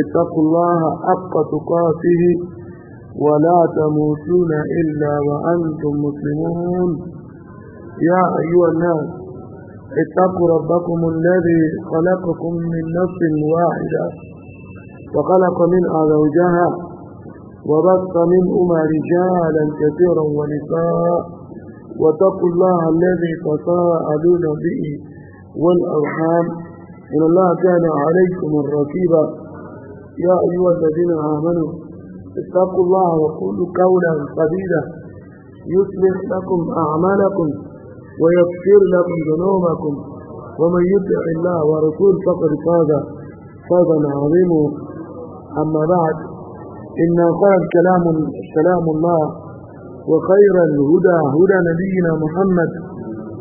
اتقوا الله حق تقاته ولا تموتون إلا وأنتم مسلمون يا أيها الناس اتقوا ربكم الذي خلقكم من نفس واحدة وخلق منها زوجها وبث منهما رجالا كثيرا ونساء واتقوا الله الذي تساءلون به والأرحام إن الله كان عليكم الرتيبا يا أيها الذين آمنوا اتقوا الله وقولوا قولا قبيلا يصلح لكم أعمالكم ويغفر لكم ذنوبكم ومن يطع الله ورسوله فقد فاز فاز عظيما أما بعد إن قال كلام كلام الله وخير الهدى هدى نبينا محمد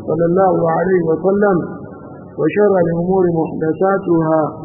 صلى الله عليه وسلم وشر الأمور محدثاتها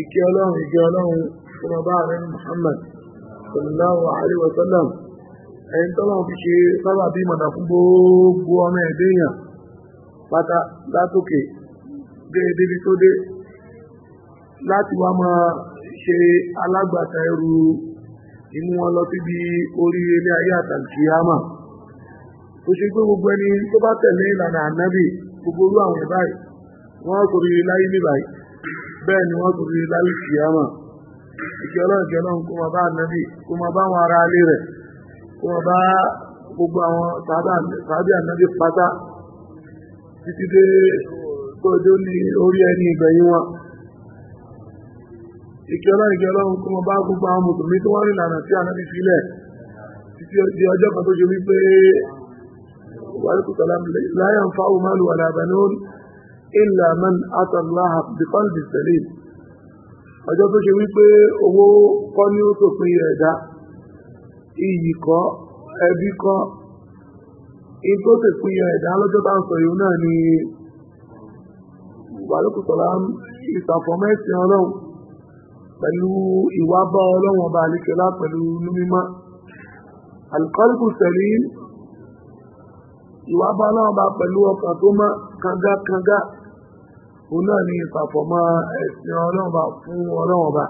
ìkẹ́ ọlọ́run ìkẹ́ ọlọ́run fún ọba rẹ̀ Muhammad sallallahu alaihi wa sallam ẹni tọ́lọ́run fi ṣe sábà bí mọ̀nà fún gbogbo ọmọ ẹ̀dẹ́ èèyàn pátá látòkè débi tó dé láti wá máa ṣe alágbàtà ẹrù inú wọn lọ síbi orí ilé ayé àtàkìyàmà tó ṣe pé gbogbo ẹni tó bá tẹ̀lé ìlànà ànábì gbogbo orú àwọn ìbáyìí wọ́n kò rí láyé níbàyìí bẹ́ẹ̀ ni wọ́n tún fi lálẹ́ kìámà ìkẹ́ ọlọ́run kẹ́ ọlọ́run kó máa bá ànábì kó máa bá àwọn ará alé rẹ̀ kó máa bá gbogbo àwọn sàábì ànábì pátá títí dé tọ́jú ní orí ẹni ìgbẹ̀yìn wọn ìkẹ́ kó máa bá gbogbo àwọn mùsùlùmí tó wọ́n rìn lànà sí ànábì sílẹ̀ títí di ọjọ́ kan tó ṣe wípé wàlúkùsọ̀lá láyàn fáwọn mọ́lù wàlàbànú إلا من ata الله bi سليم، salim ọjọ́ tó ṣe wípé owó kọ́ ní ó sòpin ẹ̀dá iyì kọ́ ẹbí kọ́ in tó sòpin ẹ̀dá lọ́jọ́ bá ń sọ yìí náà ni wàlúkùsọ̀lá ìsàfọ̀mẹ́sì ọlọ́run pẹ̀lú ìwà bá ọlọ́run ọba àlekẹ́lá pẹ̀lú mímọ́ ìwà bá náà bá pẹ̀lú ọkàn tó mọ́ kangakanga òun náà ni ìfàfọ̀mọ́ ẹ̀sìn ọlọ́run bá fún ọlọ́run bá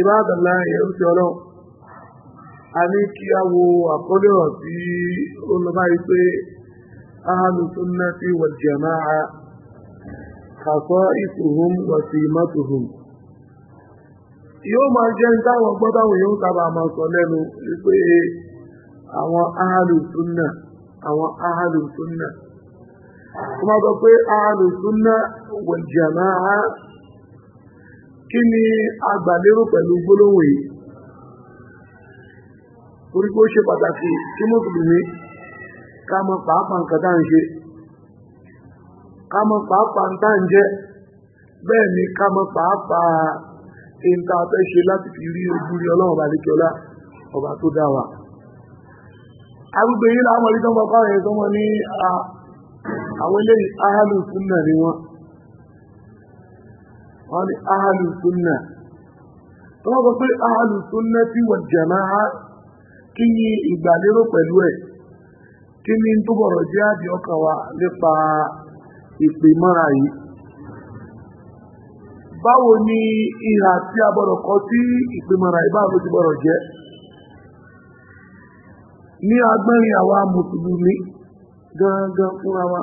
ìbádàlá ẹ̀rù ti ọlọ́run a ní kí a wo àkọlé ọ̀ tí ó lọ bá rí pé ahlu sunnati wal jama'a khasa'isuhum wa simatuhum yóò máa jẹ́ ń táwọn gbọ́dáwò yóò sábà àwọn aha súnà àwọn ahàlù súnà máa sọ pé ahàlù súnà wal jamaa kí ni agbàlérò pẹ̀lú gbólóhùn yìí torí ṣe pàtàkì kí mùsùlùmí ká mọ pàápàá nǹkan tá à ń ṣe ká mọ pàápàá ń tá à ń jẹ bẹ́ẹ̀ ni ká mọ pàápàá nǹkan arúgbó yìí láwọn orí tó ń bọ̀ kọ́rọ̀ tó mọ̀ ní àwọn ilé ni wọ́n wọ́n ní ahalu sunna tó wọ́n pé ti wọ̀ jama'a kí ni ìgbàlérò pẹ̀lú ẹ̀ kí ni tó bọ̀rọ̀ jẹ́ àdì ọkàn wa ni ìhà tí a bọ̀rọ̀ sí ti bọ̀rọ̀ jẹ́ ní agbẹ́rin àwa mùsùlùmí gangan fúnra wa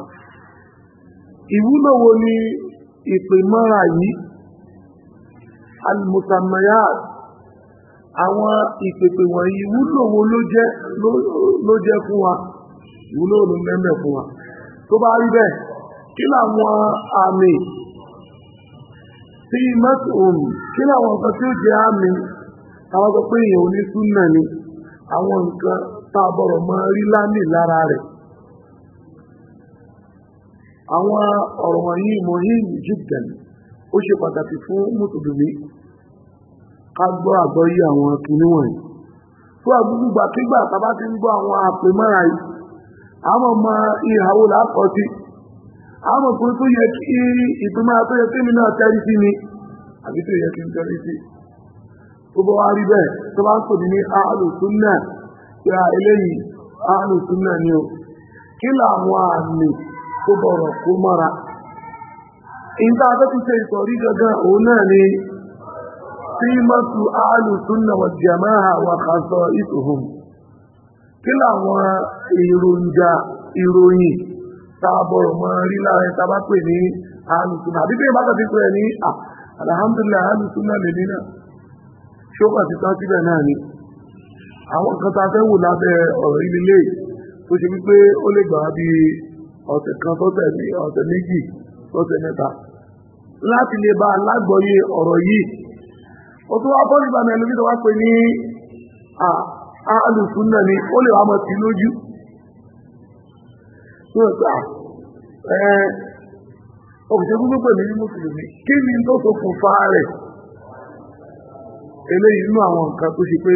ìwúlò wo ni ìpèmọ́ra yìí alìmùsàmọ́yà àwọn ìpèpè wọ̀nyí ìwúlò wo ló jẹ́ ló jẹ́ fún wa ìwúlò ló mẹ́mẹ́ fún wa tó bá rí bẹ́ẹ̀ kí làwọn àmì tí mẹ́tòun kí làwọn nǹkan tí ó jẹ́ àmì àwọn sọ pé èèyàn ò ní súnà ni àwọn nǹkan tá a bọ̀rọ̀ mọ rí lámì lára rẹ̀ àwọn ọ̀rọ̀ wọ̀nyí mohim jibgan ó ṣe pàtàkì fún mùsùlùmí ká gbọ́ àgbọ́yé àwọn kìnnì wọ̀nyí fún àgbúgbà kígbà tàbá ti ń gbọ́ àwọn àpè mọ́ra yìí àmọ́ mọ ìhàwó làákọ́ sí àmọ́ pé tó yẹ kí ìgbìmọ̀ tó yẹ kí mi náà tẹ́rí sí ni àbí tó yẹ kí n tẹ́rí sí tó bá wá rí bẹ́ẹ̀ tó bá ń pè ní àlùsùn náà a. Ah, eléyìí àrùn súnmọ́ ni o kí làwọn àmì tó bọ̀rọ̀ kó ìgbà tó ti ṣe ìsọ̀rí gangan òun náà ni wà kí làwọn èròjà ìròyìn mọ́ rí láàrin pè ní àbí ah, alhamdulillah lè nínà ṣókà ti àwọn nǹkan tá a fẹ́ wò lábẹ́ ọ̀rọ̀ ilé tó ṣe wípé ó lè gbà bí ọ̀sẹ̀ kan sọ́sẹ̀ ní ọ̀sẹ̀ méjì sọ́sẹ̀ mẹ́ta láti lè bá alágbọ̀yé ọ̀rọ̀ yìí ó tún wá bọ́ nígbà mẹ́rin lókítọ̀ wá pé ní alùsùn náà ni ó lè wá mọ̀ sí lójú ọ̀pùsẹ̀ gbogbo pẹ̀lú ní mùsùlùmí kí ni tó tó rẹ̀ eléyìí inú àwọn nǹkan tó ṣe pé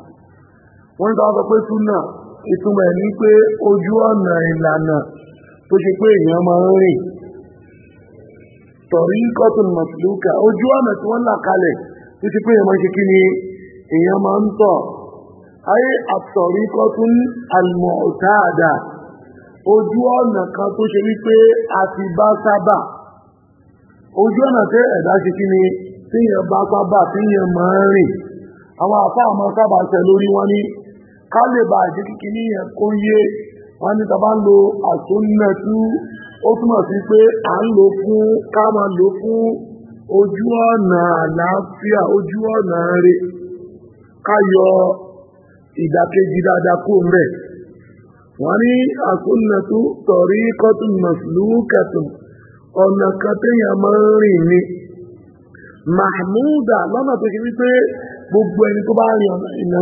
wọ́n tó sọ pé súnà ìtumọ̀ ní pé ojú ọ̀nà ìlànà tó ṣe pé èèyàn máa ń rìn tọ̀rí kọ́tùn mọ̀tìlúkà ojú ọ̀nà tí wọ́n là kalẹ̀ tó ṣe pé èèyàn ṣe kí ni èèyàn máa ń tọ̀ ayé àtọ̀rí kọ́tùn kan tó ṣe wípé a ti bá sábà ojú ọ̀nà tẹ́ ẹ̀dá ṣe kí ni ba bá sábà tíyàn ma ń rìn àwọn àfáà máa sábà tẹ̀ lórí wọn ká lè bá àti kíkiri yẹn kó yé wọn ní tàbá lo àtúnnẹtú ó túmọ̀ sí pé à ń lò fún ká máa lò fún ojú ọ̀nà àlàáfíà ojú ọ̀nà rẹ̀ ká yọ ìdàkejì dáadáa kó rẹ̀ wọ́n ní tọ̀rí kẹtùn ọ̀nà kan téèyàn máa ni mahmuda lọ́nà tó ṣe wípé gbogbo ẹni tó bá rìn ọ̀nà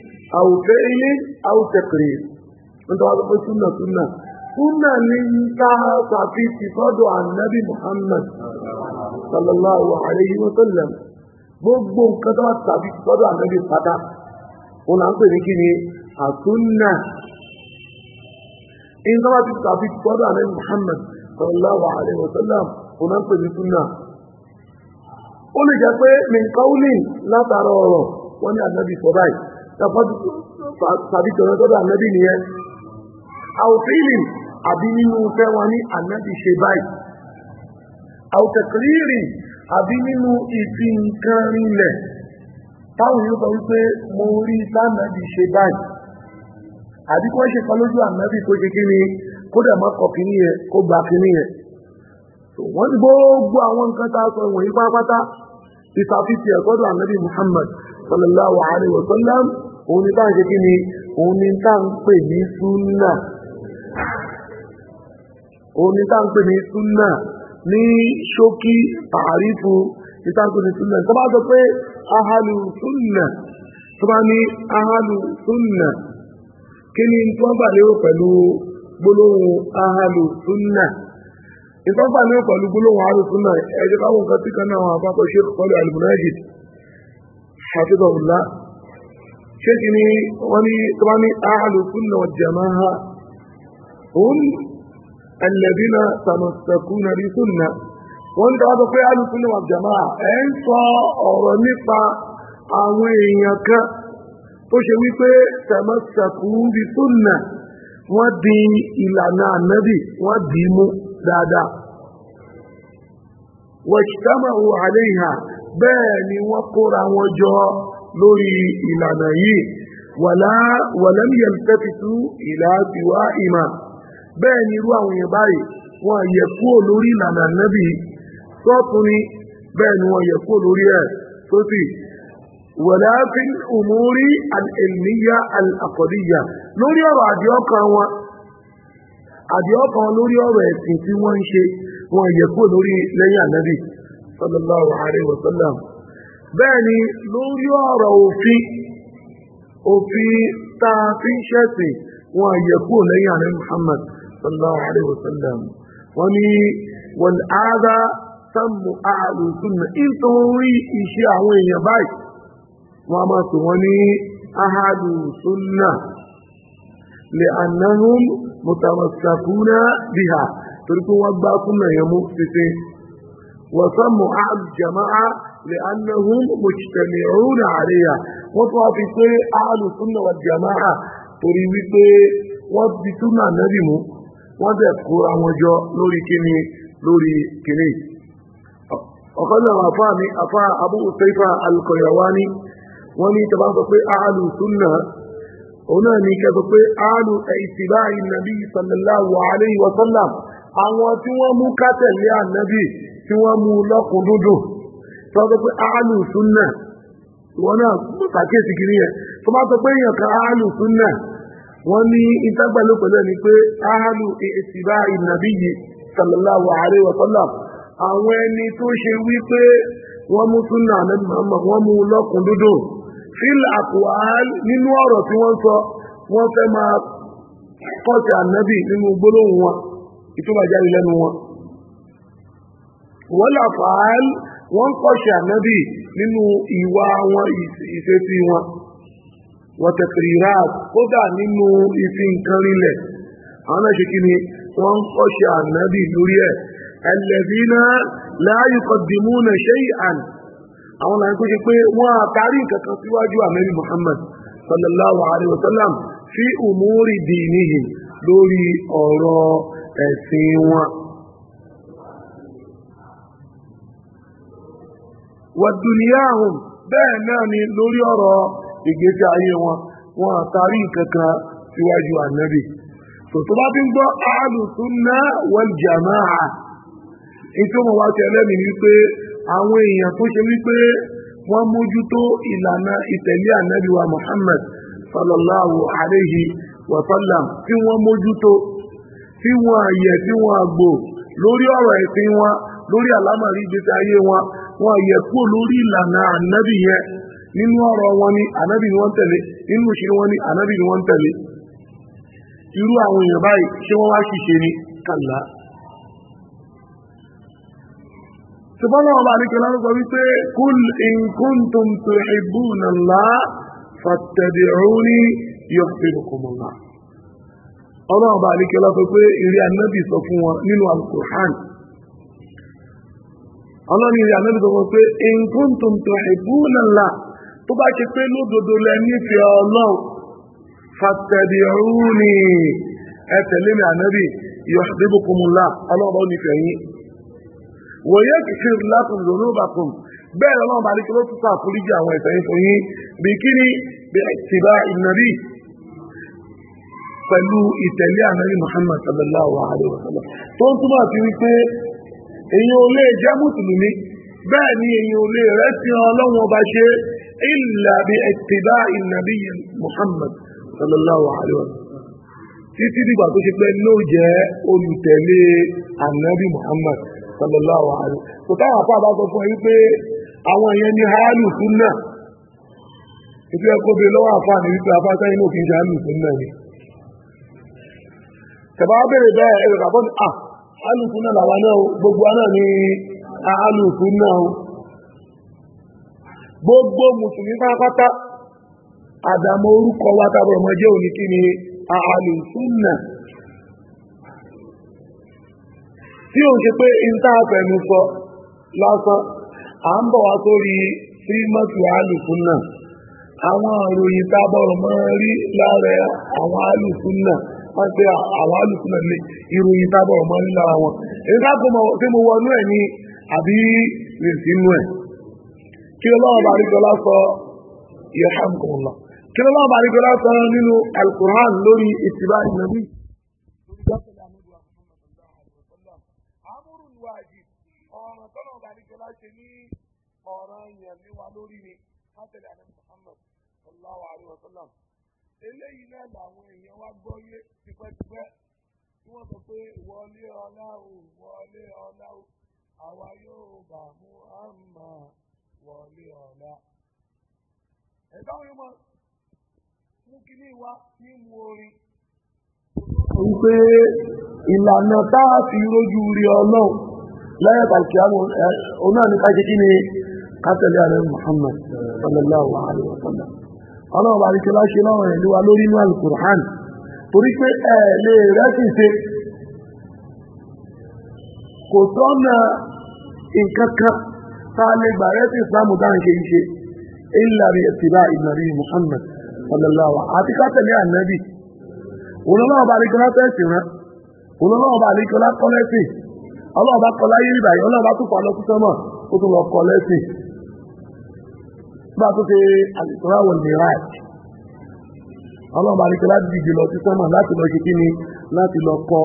àwùfẹ́ ilé àwùtẹ̀kẹ̀rẹ̀ nítorí pé súnà súnà súnà ní ta tàbí ti sọ́dọ̀ ànábì Muhammad sallallahu alayhi wa sallam gbogbo nǹkan tó tàbí ti sọ́dọ̀ ànábì pátá òun là ń pè ní kí ni àsúnà ìjọba ti tàbí ti sọ́dọ̀ ànábì Muhammad sallallahu alayhi wa sallam òun là ń pè ní súnà ó lè jẹ́ pé min qawlin látara ọ̀rọ̀ wọ́n ní ànábì sọ tàbí tọ̀rọ̀ tọ́dọ̀ ànábì nìyẹn àwòfíìlì àbí nínú fẹ́ wọn ní ànábì ṣe báyìí àwòtẹ̀kìlìrì àbí nínú ìfi nǹkan rinlẹ̀ táwọn yóò sọ wípé mo rí tánàbì ṣe báyìí àbí kọ́ ṣe kan lójú ànábì tó ṣe kí ni kódà má kọ kí nìyẹn kó gba kí nìyẹn wọ́n gbogbo àwọn nǹkan tá a sọ ìwọ̀nyí pátápátá ìsàfihàn ẹ̀kọ́dọ̀ ànábì Muhammad sallallahu alaihi wasallam òun ni táà ṣe kí ni òun ni táà ní súnà òun ni táà ń pè ní súnà ní ṣókí àrífù ní táà ní súnà tó bá sọ pé ahalu súnà tó bá ní ahalu súnà kí ni tó ń bà pẹ̀lú gbólóhùn ahalu súnà ìtọ́gbà lérò pẹ̀lú gbólóhùn ahalu súnà ẹ̀jẹ̀ báwọn nǹkan tí kan náà àwọn àpapọ̀ ṣe kọlu al hafizahullah الله kí ni wọ́n أعلى tó والجماعة ní الذين sunna wal jama'a òun alladhina tamassakuna bi sunna wọ́n ní tọ́wọ́ sọ pé ahlu sunna wal jama'a ẹ̀ ń sọ ọ̀rọ̀ nípa àwọn èèyàn kan tó ṣe wípé tamassakuna bi sunna wọ́n di ìlànà ànábì wọ́n dì mú dáadáa wajtama'u alayha bẹ́ẹ̀ ni wọ́n kóra wọn jọ lórí ìlànà yìí wàlá wàlẹ́mìyàn tẹ́tìtú ìlà tiwa ìmà bẹ́ẹ̀ ni irú àwọn èèyàn báyìí wọ́n yẹ kúrò lórí ìlànà nẹ́bì sọ́tún ni bẹ́ẹ̀ ni wọ́n yẹ kúrò lórí ẹ̀ tó sì wàlá fi umuri al-ilmiya lórí ọ̀rọ̀ àdìọ́kan wọn àdìọ́kan lórí ọ̀rọ̀ ẹ̀sìn tí wọ́n ń ṣe wọ́n yẹ kúrò lórí lẹ́yìn ànẹ́bì صلى الله عليه وسلم بني لوريارا وفي وفي تافيشتي وان يكون يعني محمد صلى الله عليه وسلم وني والعادة تم أعلى سنة إنتو ري إشياء وين يباي وما تواني أحد سنة لأنهم متمسكون بها تركوا وقبا سنة يموت في سنة وسموا أهل الجماعة لأنهم مجتمعون عليها وطوى في سيء أهل السنة والجماعة تريد وضبطنا النبي وذكر وجاء لوري كني لوري كني وقال أفاني أفا أبو سيفا القيرواني وني في أهل السنة هنا في أهل اتباع النبي صلى الله عليه وسلم أو توا يا النبي tí wọ́n mú lọ́kùn tó wọ́n sọ pé áàlù súnà wọn náà mú sàkíyèsí kiri yẹn tó bá sọ pé èèyàn kan áàlù súnà wọ́n ní ìtagbàlú pẹ̀lú ẹni pé áàlù ìtìbá ìnàbíyì sallallahu alaihi àwọn ẹni tó ṣe wípé wọ́n mú súnà ànábì wọ́n mú lọ́kùn fíl nínú ọ̀rọ̀ tí wọ́n sọ wọ́n fẹ́ máa kọ́sẹ̀ wọn wọ́n là fàán wọ́n ń kọ́ṣẹ́ ànábì nínú ìwà wọn ìṣesí wọn wọ́n tẹ̀sìrì rà kódà nínú ìfi nǹkan rinlẹ̀ àwọn náà ṣe kí ni wọ́n ń kọ́ṣẹ́ ànábì lórí ẹ̀ ẹlẹ́bínà láàyè kọ̀dìmú nà ṣe àn àwọn náà tó ṣe pé wọ́n àtàrí kankan síwájú ànábì Muhammad sallallahu alayhi wa sallam fi umuri dinihim lórí ọ̀rọ̀ ẹ̀sìn wọn. wàdùnìyàhùn bẹ́ẹ̀ náà ni lórí ọ̀rọ̀ ìgbésí ayé wọn wọn àtàrí kankan síwájú ànábì tòtò bá ti ń gbọ́ àlùsùnà wàlìjàmáà ètò wọn wá tẹ̀lé mi wípé àwọn èèyàn tó ṣe wípé wọ́n mójútó ìlànà ìtẹ̀lé ànábì wa Muhammad sallallahu alayhi wa sallam tí wọ́n mójútó tí wọ́n àyẹ̀ tí wọ́n àgbò lórí ọ̀rọ̀ ẹ̀sìn wọn lórí àlámàrí ìgbésí ayé wọn wọn yẹ kúrò lórí ìlànà ànábì yẹn nínú ọ̀rọ̀ wọn ni ànábì ni nínú wọn ni ànábì ni wọ́n tẹ̀lé irú àwọn èèyàn báyìí ṣé wọ́n wá ṣìṣe ni kàlá. ṣùgbọ́n ọba àdìkẹ́ lárúkọ wípé kul in kuntum tuhibbuna Allah fattabi'uni yuhbibkumullah. ọlọ́run ọba àdìkẹ́ lọ́pẹ́ pé ìrí ànábì sọ fún wọn nínú alukur'an ọlọ́ni ìrìn àmì gbogbo pé nǹkan tó ń tọ́ ìbúnàlá tó bá ṣe pé lódodo lẹ nífẹ̀ẹ́ ọlọ́run fàtẹ̀dẹ̀rúnì ẹ tẹ̀lé mi ànábì yọ̀débùkúmùlá ọlọ́run nífẹ̀ẹ́ yín wòye kìkìr látùn lónú bàkùn bẹ́ẹ̀ lọ́wọ́ bá ní kí ló tún sàkúríjì àwọn ẹ̀sẹ̀ yìí fún yín bí kí ni bí ìtìbá ìnàbí pẹ̀lú ìtẹ̀lé ànábì Muhammad sallallahu alaihi wasallam tó ń túmọ̀ sí wípé èyí ò lè jẹ́ mùsùlùmí bẹ́ẹ̀ ni èyí ò lè rẹ́sìn ọlọ́run ọba ṣe illa bi ittiba'i nabiy Muhammad sallallahu alaihi wa sallam títí dìgbà tó ṣe pé ló jẹ́ olùtẹ̀lé ànábì Muhammad sallallahu alaihi wa sallam kò táwọn àpá bá sọ fún ẹ wípé àwọn èèyàn ní hálù súnà ìfi ẹ̀kọ́ bíi lọ́wọ́ àfààní wípé afáṣẹ inú òfin ṣe hálù súnà ni tẹ̀bá bèrè bẹ́ẹ̀ ẹ̀rọ kàbọ́n ah alùsùn náà làwà náà gbogbo aná ni alùsùn náà gbogbo mùsùlùmí pátápátá àdàmọ́ orúkọ wa tábọ̀ ọmọ jẹ́ òní kí ni alùsùn náà tí ó ń ṣe pé ìntàfẹ̀mù sọ lásán à ń bọ̀ wá sórí náà àwọn tábọ̀ wọ́n pe àwọn alùpùpù ní ìròyìn tábọ̀ ọmọ nílára wọn èyí ká kó mọ̀ pé mo wọnú ẹ̀ ní àbí rìn sínú ẹ̀ kí ọlọ́run bá rí jọlá sọ yarhamukumullah kí ọlọ́run bá rí jọlá nínú alukur'an lórí ìtìbá ìnàbí. ọ̀ràn yẹn eléyìí náà làwọn èèyàn wá gbọ́yé tipẹ́tipẹ́ tí wọ́n sọ pé wọlé ọlá o wọlé ọlá o àwa yóò bà mú àmà wọlé ọlá. ẹ̀dá orin mọ́ mú kíní wá nímú orin. wípé ìlànà tá a fi rojú rí ọlọ́run lẹ́yìn àtàkì àwọn ọ̀nà nípa ṣe kí ni ká tẹ̀lé ààrẹ Muhammad sallallahu alaihi wa sallam ọlọ́run bá rí ṣe láṣẹ lọ́rùn rẹ̀ lúwa lórí inú alukur'an torí pé ẹ lè rẹ́sì ṣe kò tọ́nà nǹkan kan tá a lè gbà rẹ́sì ìsìlámù dáhùn ṣe ṣe ìlàrí ẹ̀sìlá ìlàrí muhammad sallallahu àti kátẹ̀lé ànábì olólọ́wọ́ bá rí kọ́lá tẹ̀sì rán olólọ́wọ́ bá rí kọ́lá kọ́lẹ́sì ọlọ́wọ́ bá kọ́lá yé ìbàyí ọlọ́wọ́ bá tún kọ́ bá tó ṣe àlùkòrá wọ̀ mìíràn ọlọ́run bá rikẹ́ láti dìde lọ sí sánmà láti lọ ṣe kí ni láti lọ kọ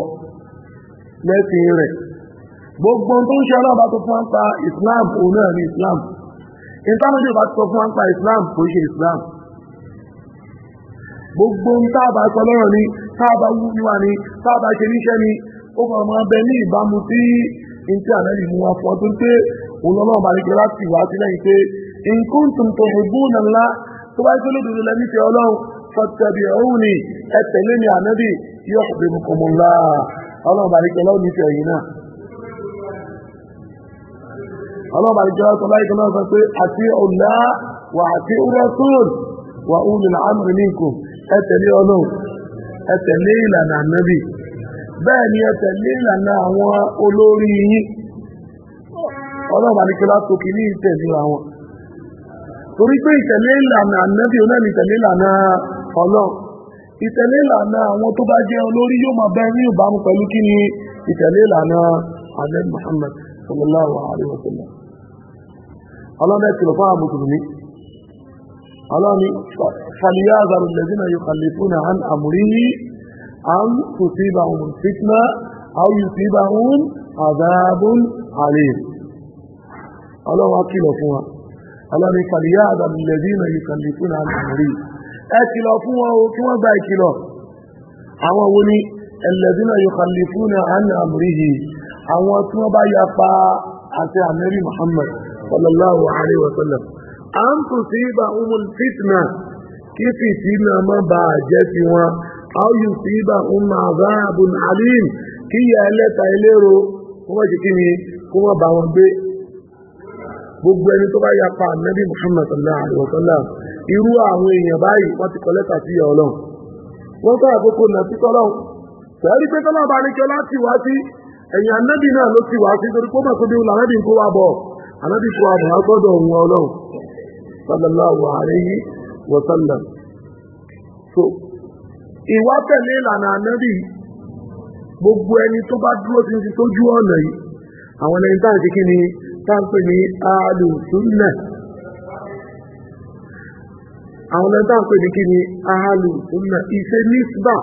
lẹ́sìn rẹ̀ gbogbo tó ń ṣe ọlọ́run tó fún àǹpa Islam òun náà ní Islam ìtàmọ́jọ́ bá tó fún àǹpa Islam kò ṣe Islam gbogbo ń tábà sọ lọ́rọ̀ ni tábà wú níwà ni tábà ṣe níṣẹ́ ni ó fọ ọmọ abẹ ní ìbámu tí ní tí àná ìmú fọ́ tó ń pé òun ọlọ́run bá láti wá sílẹ̀ in kuntum tuhibbuna Allah tó bá tó lódodo la nífẹ̀ẹ́ ọlọ́run fattabi'uni ẹ tẹ̀lé mi ànábì yuhbibkumullah ọlọ́run bá nìkẹ́ lọ́wọ́ nífẹ̀ẹ́ yìí náà. ọlọ́run bá nìkẹ́ lọ́wọ́ tó bá nìkẹ́ lọ́wọ́ sọ pé àti ọ̀la wà àti rasul torí pé ìtẹ̀lé ìlànà ànábì onáni ìtẹ̀lé ìlànà ọlọ́run ìtẹ̀lé ìlànà àwọn tó bá jẹ́ olórí yóò máa bẹ́ẹ̀ ní ìbámu pẹ̀lú kí ni ìtẹ̀lé ìlànà ahmed muhammad sallallahu alayhi ọlọ́run ẹ̀kìlọ̀ fún àwọn mùsùlùmí ọlọ́run فليعذر الذين يخلفون عن أمره أن تصيبهم فتنة أو يصيبهم عذاب عليم ọlọ́run á kìlọ̀ fún wa ọlọ́ni kàlíyà àdàmìlẹ́bí náà yìí kàlí fún àmàrí ẹ kìlọ̀ fún wọn o kí wọ́n gba ìkìlọ̀ àwọn wo ni ẹlẹ́bí náà yìí kàlí fún àmàrí yìí àwọn tí wọ́n bá ya pa àti àmẹ́rí Muhammad sallallahu alayhi wa sallam à ń tún sí ibà umul fitna kí fìtínà má bàa jẹ́ sí wọn àwòyù sí ibà umma azabun alim kí ìyá ẹlẹ́ta ẹlẹ́ro kó wọ́n ti kí ni kó wọ́n bá wọn gbé gbogbo ẹni tó bá ya pa ànábì Muhammad sallallahu wa irú àwọn èèyàn báyìí wọ́n ti kọ sí ọlọ́run wọ́n kọ́ àkókò náà sẹ́rí pé tọ́lá bá ní kí ọlá ti wá sí ẹ̀yìn ànábì náà ló ti wá sí torí pé ó ń kó wa bọ̀ kó wa bọ̀ á gbọ́dọ̀ òun ẹni bá ń táǹpẹ̀ ní ààlù súnnà àwọn ọ̀nà táǹpẹ̀ ní kí ni ààlù súnnà ìṣe nísbà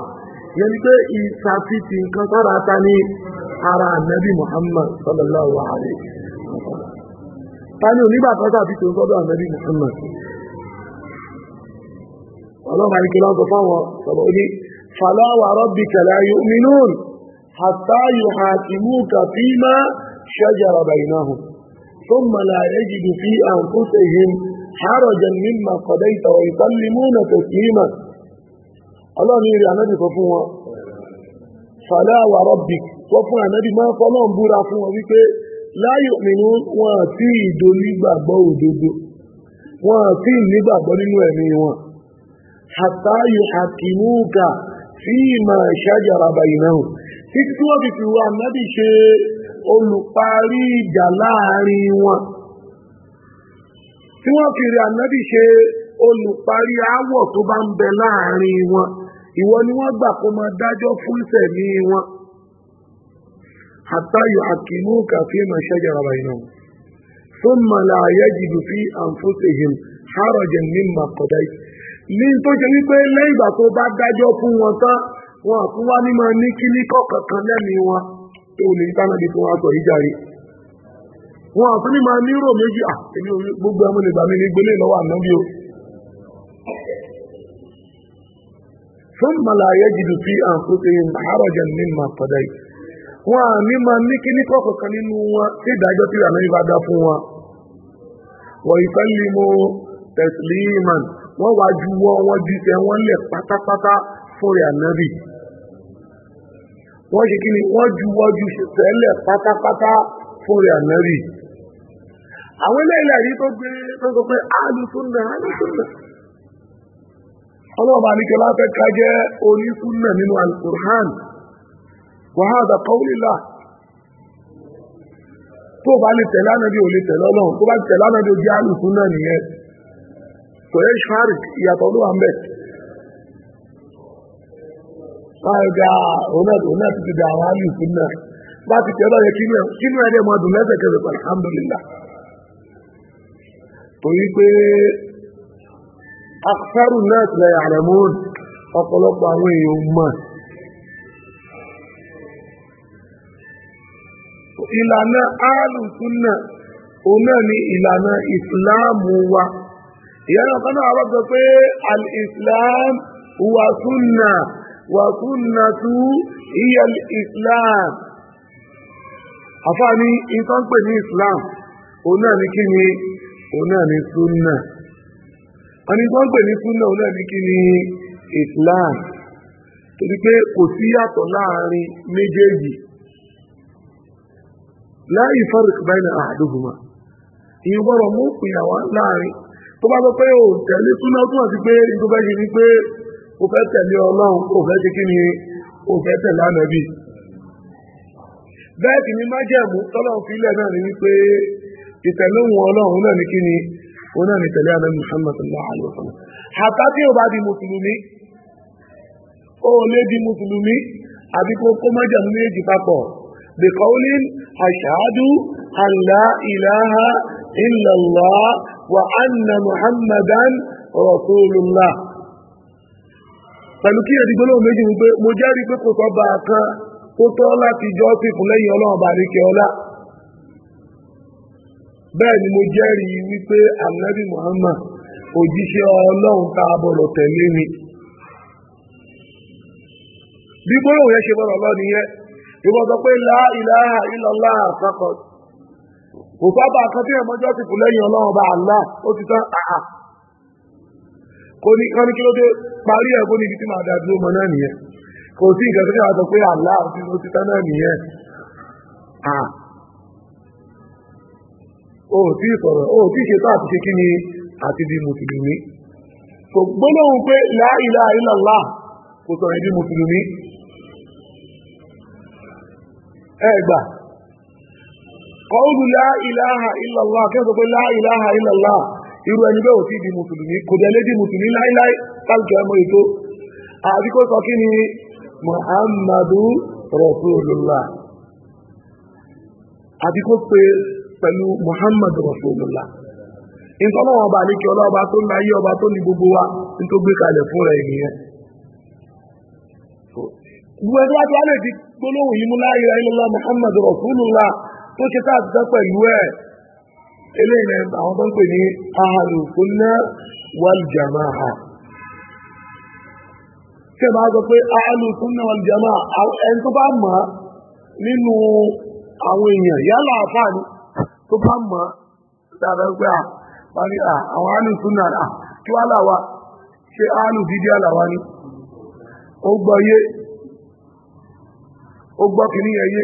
yẹni pé ìsàfihàn nǹkan sára ta ní ara ànábì Muhammad sallallahu alaihi wasallam ta ni onígbà kan sàfihàn sọ́dọ̀ ànábì Muhammad ọlọ́run àríkẹ́ lọ́sọ fáwọn sọ̀rọ̀ ní ṣẹ́jẹ̀ rọ̀bà ìnáhùn ثم لا يجد في أنفسهم حرجا مما قضيت ويسلمون تسليما الله نيري أنا دي ففوا فلا وربك وفوا أنا دي ما فلان بورا فوا ويكي لا يؤمنون وفي دولي بابا ودودو وفي نبا بنين حتى يحكموك فيما شجر بينهم تكتوا بفوا النبي شيء olùparí ìjà láàrin wọn tí wọ́n kiri ànábì ṣe olùparí aáwọ̀ tó bá ń bẹ láàrin wọn ìwọ ni wọ́n gbà kó máa dájọ́ fún ìsẹ̀mí wọn àtàyò àkìmú kàfíìn máa ṣẹ́jà ara iná fún màlà àyẹ́jìdù fi àǹfóṣèhìn hárọ̀jẹ̀ ní màkọ̀dá ní tó ṣe wípé lẹ́yìn ìgbà tó bá dájọ́ fún wọn tán wọn àtúwá ní máa ní kíníkọ̀ kankan lẹ́nu wọn ewu lè dáná di fún wa sọ yìí járe wọn àti ní máa nírò méjì à gbogbo ẹmu lè gbà mí ní gbélé lọ́wọ́ o. fún màláyé jìdù sí àǹfóṣe àròjẹ ní màá padà yìí wọn à ní máa ní kíní kọ̀ọ̀kan kan nínú wọn tí ìdájọ́ tí dá fún wọn. wọ́n mo wọ́n wọ́n jíṣẹ́ wọ́n ṣe kí ni wọ́n ju wọ́jú tẹ́lẹ̀ pátápátá fún rẹ̀ ànárí àwọn eléyìí rí tó gbé tó sọ pé alùsùnà alùsùnà ọlọ́ọ̀bà àníkẹ́ láfẹ́ ká jẹ́ onísùnà nínú alukurhan wàhálà kọ́wìlá tó bá lè tẹ̀lé ànábì ò lè tẹ̀lé ọlọ́run tó bá lè tẹ̀lé ànábì ò jẹ́ alùsùnà nìyẹn kò yẹ ṣáàrì ìyàtọ̀ ló wà ọ̀dà òun ti da àwọn suna náà bá ti tẹ̀lé ya kí inú ẹ̀rẹ́ mọ́ dùn lẹ́sẹ̀kẹsẹ̀ pẹ̀lú alhamdulillah torí pé akẹ́rù náà ti lẹ́yìn àrẹ̀mọ́n ọ̀pọ̀lọpọ̀ àwọn èèyàn mọ̀ ìlànà alùpùpù náà òun ni ìlànà ìsìláàmù wa ìyẹn náà kan náà wọ́n pé al-islam وسنة هي الإسلام أفاني إنسان بني إسلام هنا نكني هنا سنة n'i إنسان بني سنة هنا نكني إسلام torí pé kò sí yàtọ̀ láàrin méjèèjì láì fọ́rùk báyìí náà àdúgbò mú ìyàwó láàrin tó bá sọ pé ò tẹ̀lé súnmọ́ túnmọ̀ sí pé ìgbọ́bẹ̀jì o fẹ́ tẹ̀lé ọlọ́run o fẹ́ ti kí ni o fẹ́ tẹ̀lé ànábì bẹ́ẹ̀ sì ni májẹ̀mú tọ́lọ́run fi ilẹ̀ náà ni wípé ìtẹ̀lóhun ọlọ́run náà ni kí ni òun náà ni tẹ̀lé ànábì Muhammad sallallahu alayhi wa sallam àtà tí o bá di mùsùlùmí o lè di mùsùlùmí àbí kó kó májẹ̀mú méjì papọ̀ bìkọ́lín àṣáájú an la ilaha illallah wa anna muhammadan rasulullah pẹ̀lú kí èdè méjì wípé mo jẹ́rìí pé kò sọ bá a kan tó láti jọ sí lẹ́yìn ọlọ́run bá ní bẹ́ẹ̀ ni mo jẹ́rìí wípé ànábì Muhammad òjíṣẹ́ ọlọ́run tá bọ̀rọ̀ tẹ̀lé mi bí yẹn ṣe bọ̀rọ̀ yẹn ìwọ sọ pé kò ní kí ló dé parí ẹ̀ kó ní tí màá dá dúró mọ náà nìyẹn kò sí nǹkan tó ní àgbọ̀ pé àlá àti ló ti tán náà nìyẹn o ò tí o tí ṣe tó àti ṣe kí ni àti di mùsùlùmí kò gbólóhùn pé la ilaha kò sọ̀rọ̀ di mùsùlùmí ẹgbà kọ́ọ̀lù la ilaha illallah pé la ilaha irú ẹni bẹ́ẹ̀ ò sí di mùsùlùmí kò dẹ̀ lé di mùsùlùmí láíláí láti ẹmọ ètò àbí kó sọ kí ni muhammadu rasulullah àbí kó pe pẹ̀lú muhammadu rasulullah ìtọ́lọ́wọ́ ọba àlékí ọlọ́ọba tó ń láyé ọba tó ní gbogbo wa ní tó gbé kalẹ̀ fún rẹ̀ gbogbo ẹgbẹ́ alẹ́ ti gbólóhùn yìí mú láyé ayélujára muhammadu rasulullah tó ṣe káàkiri pẹ̀lú ẹ̀ eléyìí náà àwọn tó ń pè ní ahàlù kúnná wàlìjàmáà tẹ́ bá sọ pé ahàlù kúnná wàlìjàmáà ẹni tó bá mọ̀ nínú àwọn èèyàn yálà àfáàní tó bá mọ̀ dáadáa pé à wá ní àwọn ahàlù kúnná à kí wá làwà ṣe ahàlù àlàwà ni ó gbọ́ yé ó gbọ́ kìíní yé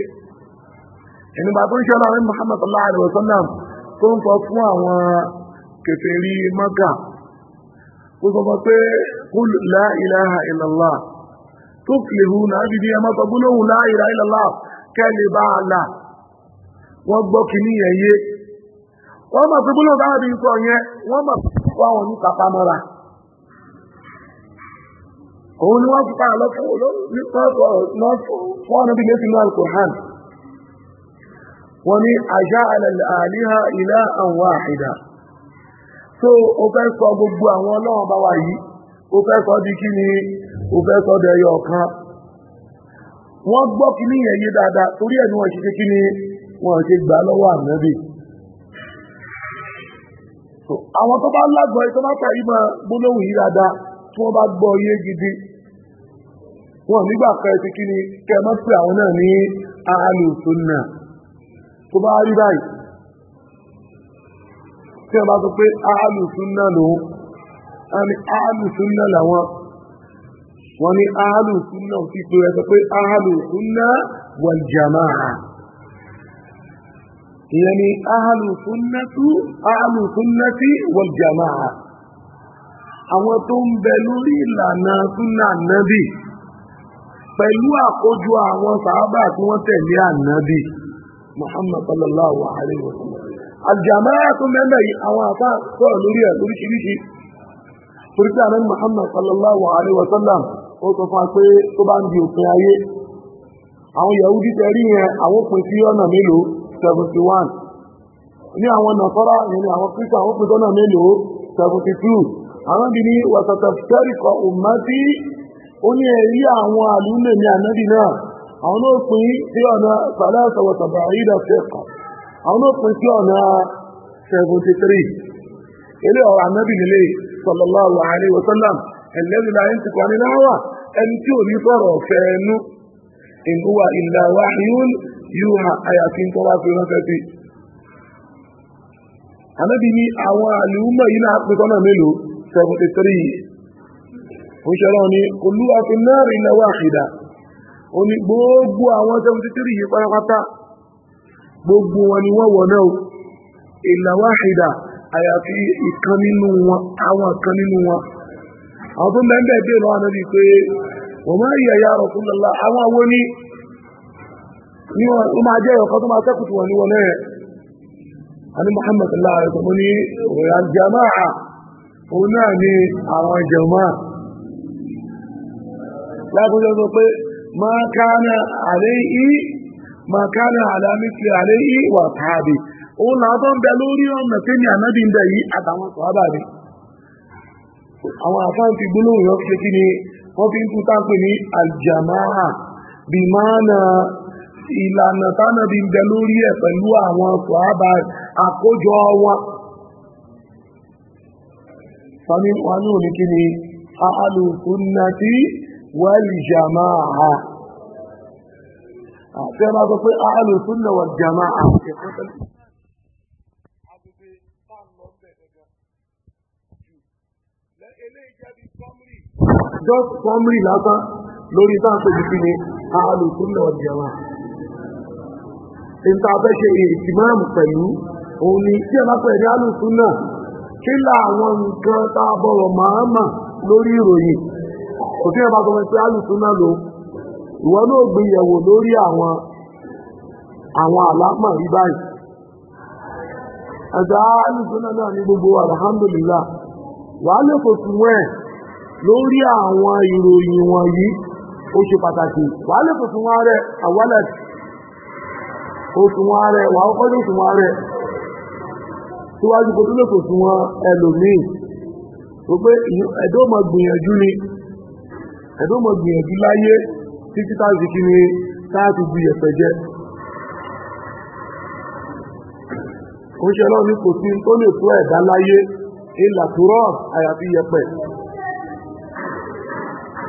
ìnìbà tó ń ṣe ọlọ́run Muhammad sallallahu alaihi wa sallam tó ń sọ fún àwọn kèfèrí Mákà ó sọ fún pé qul la ilaha illallah tuflihuna àbíbí ẹmọ́ sọ gbólóhùn la ilaha kẹ́lẹ̀ bá àlà wọ́n gbọ́ kìíní yẹn yé wọ́n mọ̀ sí gbólóhùn táwọn sọ yẹn wọ́n mọ̀ sí wọn ní òun ni wọ́n ti pa àlọ́ wọ́n ní aja'ala al-aliha so o fẹ́ sọ gbogbo àwọn ọlọ́run bá wà yìí o fẹ́ sọ di kí ni o fẹ́ sọ dẹyọ kan wọ́n gbọ́ kí ní ẹ̀yẹ dáadáa torí ẹ̀ ni wọ́n ṣe kí ni wọ́n ṣe gbà lọ́wọ́ ànábì àwọn tó bá lágbọ́ ẹ̀ tó bá tó bá rí báyìí tí wọ́n bá sọ pé áàlù súnná lòun wọ́n ní áàlù súnná làwọn wọ́n ní áàlù súnná sí pé ẹ sọ pé áàlù súnná wal jamaa ìyẹn ni áàlù súnná tú áàlù àwọn tó ń bẹ lórí ìlànà súnná nábì pẹ̀lú àkójọ àwọn sàábà tí wọ́n tẹ̀lé ànábì. Muhammad sallallahu alayhi wa sallam aljamaa tó mẹ́mẹ́ yìí àwọn àfa sọ̀rọ̀ lórí ẹ̀ lóríṣiríṣi torí pé àná Muhammad sallallahu alayhi wa sallam ó sọ fún wa pé tó bá ń di òpin ayé àwọn Yahudi tẹ rí yẹn àwọn òpin sí ọ̀nà mélòó seventy one ní àwọn nàfọ́rà yẹn ni àwọn kristu àwọn òpin sọ́nà mélòó seventy two àwọn bí ní wàtàtà fẹ́ríkọ̀ òmùmátì ó ní ẹ̀rí àwọn àlùmẹ̀ ní ànábì náà àwọn náà pín sí ọ̀nà sàlẹ̀ àtàwọ̀tàbà àrídà fẹ́ẹ̀kọ̀ àwọn náà pín sí ọ̀nà 73 ilé ọ̀rọ̀ anábì nílé sallallahu alaihi wasallam ẹ̀lẹ́rìí láyé ti kọ́ ní láwà ẹni tí ò ní sọ̀rọ̀ ọ̀fẹ́ ẹnu ìgbúwà ìlà wáyún yóò ha àyàfi tó wá fi ránṣẹ́ sí. anábì ní àwọn àlùmọ̀ ó ní gbogbo àwọn 73 three yìí pátápátá gbogbo wọn ni wọ́n wọ̀ náà o àyàfi ìkan nínú wọn àwọn kan nínú wọn àwọn tó mẹ́ńbẹ́ dé pé ya Rasulullah àwọn àwọn awa ní wọn ó máa jẹ́ ọ̀kan tó máa ما كان عليه ما كان على مثل عليه وأصحابه òun làbọ̀ ń bẹ lórí ọ̀nà tí ní ànábì ń bẹ yìí àtàwọn sọ̀hábà ni àwọn àfáǹtì gbólóhùn yọ ṣe kí fi ń tún tápè ní aljamaa bí na ìlànà tánàbí ń bẹ lórí ẹ̀ àti ẹ bá sọ pé àlù súnà wà jàmá àti just summary lásán lórí sáǹsì yìí ni àlù súnà wà jàmá. Nta fẹ́ ṣe ìtìmáàmù pẹ̀lú òun ni tí ẹ bá pẹ̀ ní àlù súnà kí làwọn nǹkan tá a bọ̀rọ̀ màá mà lórí ìròyìn. Kò sí bá sọ pé àlù súnà lòun. ìwọ náà gbéyẹ̀wò lórí àwọn àwọn àlámà rí báyìí ẹ̀dá alùsọ́nà náà gbogbo alhamdulillah wàá lè lórí àwọn ìròyìn wọ̀nyí ó ṣe pàtàkì wàá lè kò sùn rẹ̀ rẹ̀ rẹ̀ kò ẹlòmíì gbìyànjú ni ẹ̀dọ́ mọ̀ gbìyànjú láyé physical zikí ni táàtù bu yẹ̀pẹ̀ jẹ́ oúnjẹ náà ní kò sí tó lè fún ẹ̀dá láyé ilà tòrọ́ àyàfi yẹ̀pẹ̀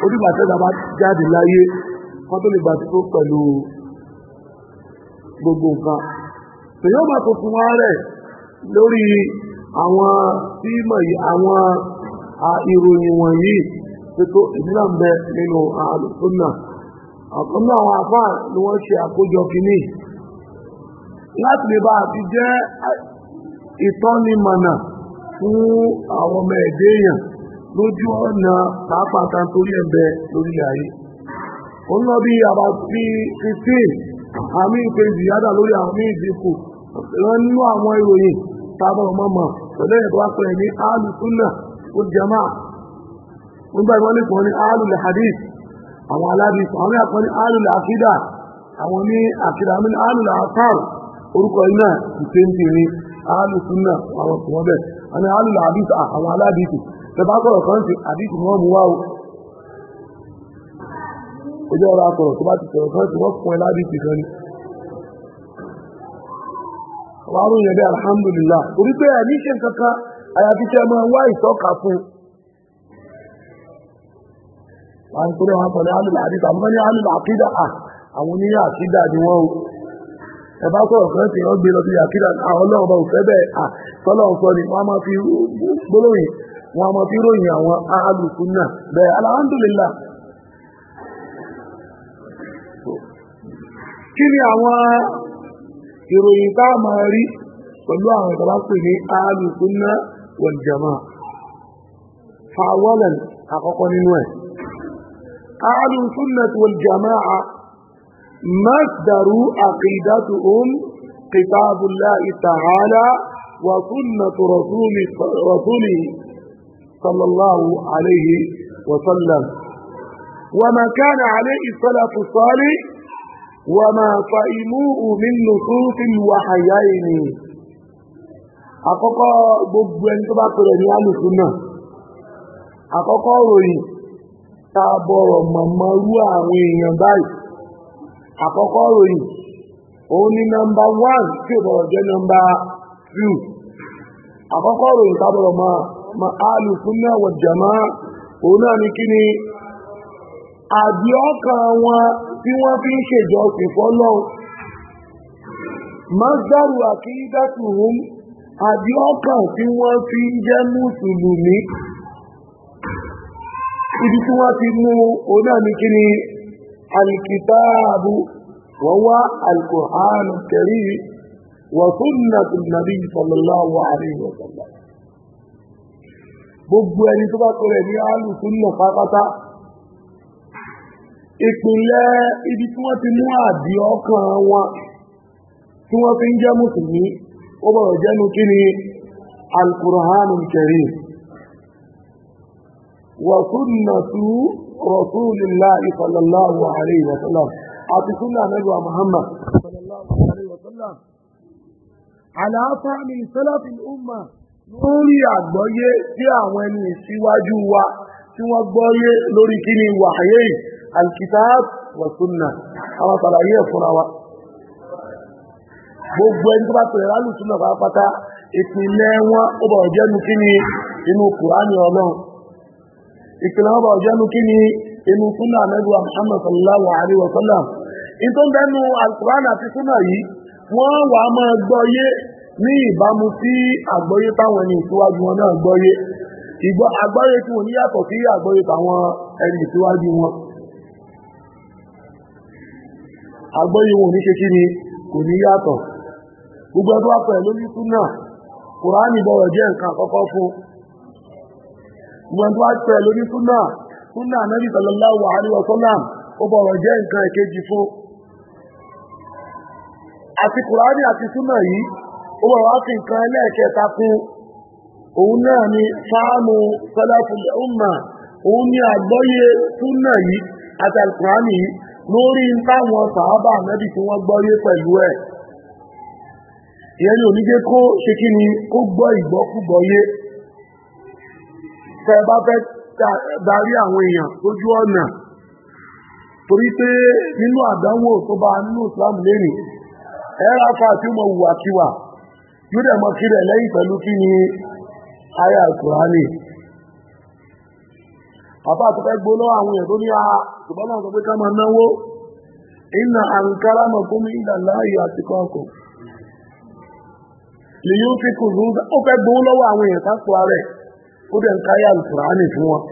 onígbàtẹ́ta bá jáde láyé kọ́ tó lè gbàtí tó pẹ̀lú gbogbo nǹkan tèyàn bá tó fún wa rẹ̀ lórí àwọn tíìmọ̀ yìí àwọn ìròyìn wọ̀nyí tó èmi náà ń bẹ nínú àlùsùn náà ọ̀kan náà àwọn àfáà ni wọ́n ṣe àkójọ kìíní láti lè bá àti jẹ́ ìtọ́nimọ̀nà fún àwọn ọmọ ẹ̀dẹ́ èèyàn lójú ọ̀nà pàápàá torí ẹ̀bẹ̀ lórí ayé ó ń lọ bí àbá bí fifteen àmì ìpè ìyádà lórí àmì ìdínkù lọ nínú àwọn ìròyìn tábà ọmọ pẹ̀lú ẹ̀dọ́ apẹ̀ ní ó máa ń gbà àwọn alábìsọ àwọn àpọ́n ní alùlà àkídà àwọn ní àkídà àmì alùlà àpáàrù orúkọ iná ìpéǹtìrin alùsùnà àwọn tùwọ́n bẹ̀ àmì alùlà àbísọ àwọn alábìsọ tẹbá sọ̀rọ̀ kan sí àbísọ wọn mú wá o ojú ọ̀rọ̀ akọ̀rọ̀ tó bá ti sọ̀rọ̀ kan sí wọ́n fún ẹ lábìsọ kan ni wàá rún yẹn bẹ́ẹ̀ alhamdulillah wọ́n ń torí wọn pẹ̀lú alùlà àdìsá mọ́ ní alùlà àkídà àwọn oníyà àkídà ni wọ́n o ẹ̀bá sọ̀rọ̀ kan tí gbé lọ sí àkídà àwọn bá à ọkọ ni wọ́n máa fi gbólóyìn wọ́n máa fi ròyìn àwọn náà kí ni àwọn ìròyìn tá a máa rí pẹ̀lú àwọn pè ní náà fàwọ́lẹ̀ أهل السنة والجماعة مصدر عقيدتهم كتاب الله تعالى وسنة رسول رسوله صلى الله عليه وسلم وما كان عليه الصلاة الصالح وما فهموه من نصوص وحيين أقوى gbogbo ẹni أقوى bá pẹ̀lẹ̀ ní أقوى náà àkọ́kọ́ ròyìn tá a bọ̀rọ̀ mọ̀mọ́ rú àwọn èèyàn báyìí àkọ́kọ́ ròyìn òun ni nọmba one tí ò bọ̀rọ̀ jẹ́ nọmba two àkọ́kọ́ ròyìn tá a bọ̀rọ̀ ma alùsùnà wal jamaa òun náà ni kí ni wọn tí wọ́n fi ń ṣèjọsìn fọ́lọ́hun mazdaru fi ibi tí wọ́n ti mú ọ̀nà ní kí ni alkitaabu wa huwa alkùránù karim wa sunnatu nàbí sallallahu alaihi wa sallam gbogbo ẹni tó bá kọrẹ̀ ní alùsùnà pátápátá ìpìlẹ̀ ibi tí wọ́n ti mú àdí ọkàn wọn tí wọ́n fi ń jẹ́ mùsùlùmí ó bọ̀rọ̀ jẹ́nu kí ni alkùránù karim wàsúnnàtú rasulillahi sallallahu alayhi wa sallam àti súnà nẹ́gbà muhammad sallallahu alayhi wa sallam àlàáfà ní sẹ́láfì umma lórí àgbọ́yé tí àwọn ẹni ìṣíwájú wa tí wọ́n gbọ́yé alkitab wa sunna àwọn sàlàyé ẹ̀fúnra gbogbo ẹni tó bá tẹ̀lé lálùsúnà pàápàá ìpínlẹ̀ ni ìpìlẹ̀ ọba ọ̀jọ́nu kí ni inú súnà nẹ́gbà Muhammad sallallahu alaihi wa sallam bẹnu Al-Qur'an àti súnà yìí wọ́n wà máa gbọ́yé ní ìbámu sí àgbọ́yé táwọn ẹni ìtúwájú wọn náà gbọ́yé àgbọ́yé tí wọ́n níyàtọ̀ sí àgbọ́yé táwọn ẹni ìtúwájú wọn àgbọ́yé wọn ní ṣe kí ni kò níyàtọ̀ gbogbo ẹgbẹ́ pẹ̀lú ní súnà Kùránì bọ̀rọ̀ jẹ́ nǹkan àkọ́kọ́ fún ìwọ̀n tó wá tẹ̀ lórí súnà súnà anábì sallallahu alaihi ó bọ̀rọ̀ jẹ́ nǹkan ìkejì fún àti kùránì àti súnà yìí ó bọ̀rọ̀ wá nǹkan ẹlẹ́ẹ̀kẹta fún òun náà ni fáàmù salaful umma ni àgbọ́yé yìí tẹ́ bá fẹ́ darí àwọn èèyàn lójú ọ̀nà torí pé nínú àdánwò tó bá nínú Islam lẹ́nìí ẹ̀rọ afọ àti ọmọ wùwàkiwà yóò dẹ̀ mọ kí rẹ̀ lẹ́yìn pẹ̀lú kí ni aya bàbá fẹ́ gbóná àwọn èèyàn tó ní a ah, ṣùgbọ́n náà sọ pé ká máa náwó inna ankaramakumi inda Allahi atqakum lèyí ó dẹ̀ ń káyà alùkùránì fún wọn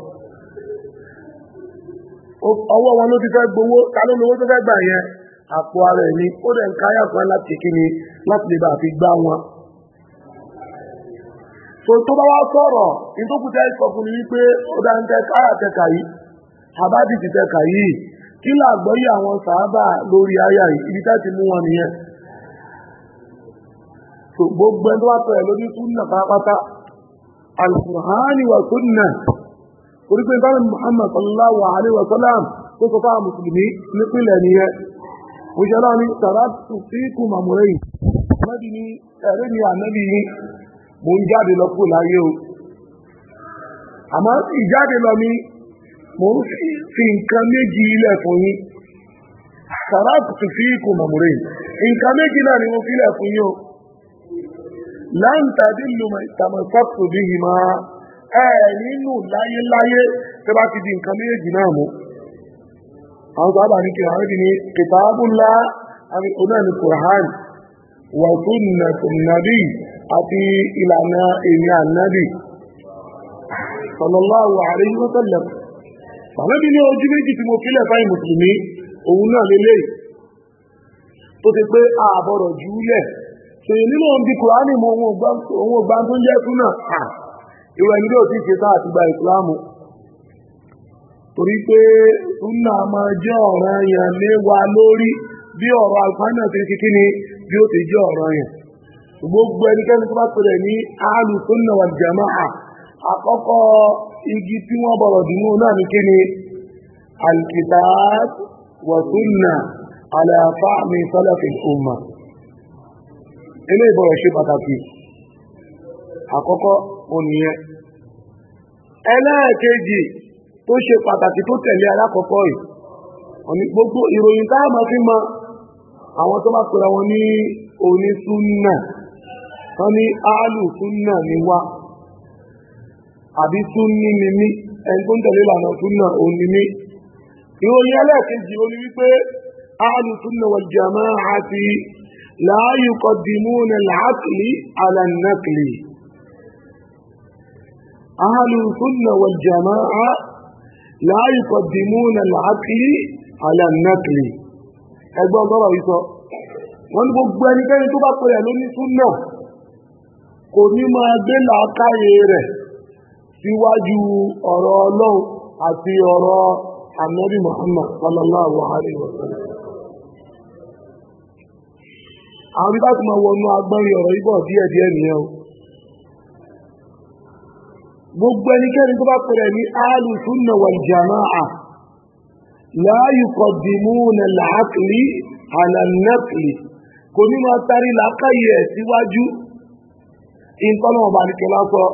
ọwọ́ wọn ló ti fẹ́ gbowó ta ló lówó tó fẹ́ gbà yẹn àpò ara ẹ̀ ni ó dẹ̀ ń káyà fún láti kí ni láti lè bá fi gbá wọn so tó bá wá sọ̀rọ̀ ìdókùtà ìkọ̀ fún ni wípé ó dá ń tẹ káyà tẹ̀ka yìí àbádì ti tẹ̀ka yìí kí làgbọ́yé àwọn sàábà lórí ayà yìí ibi tá ti mú wọn nìyẹn so gbogbo ẹni tó wá sọ ẹ̀ lórí túnú náà pátápátá alkùránì wà súnnà orípé ìbára muhammad sallallahu alaihi wa sallam tó sọ fáà mùsùlùmí nípìnlẹ̀ nìyẹn mo ṣe lọ́ni tàràtù síkù màmúrẹ́yì mọ́bí ní ẹ̀rí ni ànábì yìí mo ń jáde lọ kú láyé o àmọ́ ìjáde lọ ni mo ń fi nǹkan méjì ilẹ̀ fún yín tàràtù síkù màmúrẹ́yì nǹkan méjì náà ni mo fi ilẹ̀ fún yín o láǹtàdé lùmọ̀ ìtàmọ̀sọ́tò bí i máa ẹ̀ẹ̀rí laye láyéláyé tó bá ti di nǹkan méjì náà mú àwọn sábà ní kìrò àwọn ní kìtàbùlá àti onáàni kùrán wà sunnatun nàbí àti ìlànà èmi ànábì sallallahu alaihi wa sallam sàmẹ́bí ní ojú méjì tí mo fáyìn mùsùlùmí òun náà tó ti pé èyí nínú òǹdí kùránì mọ ohun ògbà tó ń jẹ́ fún náà ìwẹ̀ ní ló ti ṣe tá àti gba ìsìláàmù torí pé súnà máa jẹ́ ọ̀rọ̀ yẹn léwa lórí bí ọ̀rọ̀ kíkí ni bí ó ti jẹ́ ọ̀rọ̀ igi tí wọ́n bọ̀rọ̀ náà ní kí ni eléyìí bọ̀rọ̀ ṣe pàtàkì àkọ́kọ́ ònìyẹn ẹlẹ́ẹ̀kejì tó ṣe pàtàkì tó tẹ̀lé alákọ̀ọ́kọ́ yìí ọ̀ní gbogbo ìròyìn táàmà fi mọ àwọn tó bá pèrè wọn ní onísúnnà wọ́n ní áàlù súnnà ni wá àbí súnní ni mí ẹni tó ń tẹ̀lé ìlànà súnnà òní mí ìròyìn ẹlẹ́ẹ̀kejì ó wípé áàlù súnnà wal jamā'ati àti لا يقدمون العقل على النقل أهل السنة والجماعة لا يقدمون العقل على النقل ẹgbẹ́ ọgọ́rọ̀ yìí sọ wọ́n ní gbogbo ẹnikẹ́ni tó bá pẹ̀lẹ̀ ló ní súnà kò ní máa gbé làákàyè rẹ̀ síwájú ọ̀rọ̀ ọlọ́run àti ọ̀rọ̀ ànábì Muhammad sallallahu alaihi wa sallam àwọn ibi láti máa wọnú agbọ́nrin ọ̀rọ̀ yìí bọ̀ díẹ̀ díẹ̀ nìyẹn o gbogbo ẹnikẹ́ni tó bá pẹ̀rẹ̀ ní ahlu sunna wal jama'a la yuqaddimuna al-aqli ala an-naqli kò ní máa tari làákàyè ẹ̀ síwájú ìtọ́nà ọba àdìkẹ́lá sọ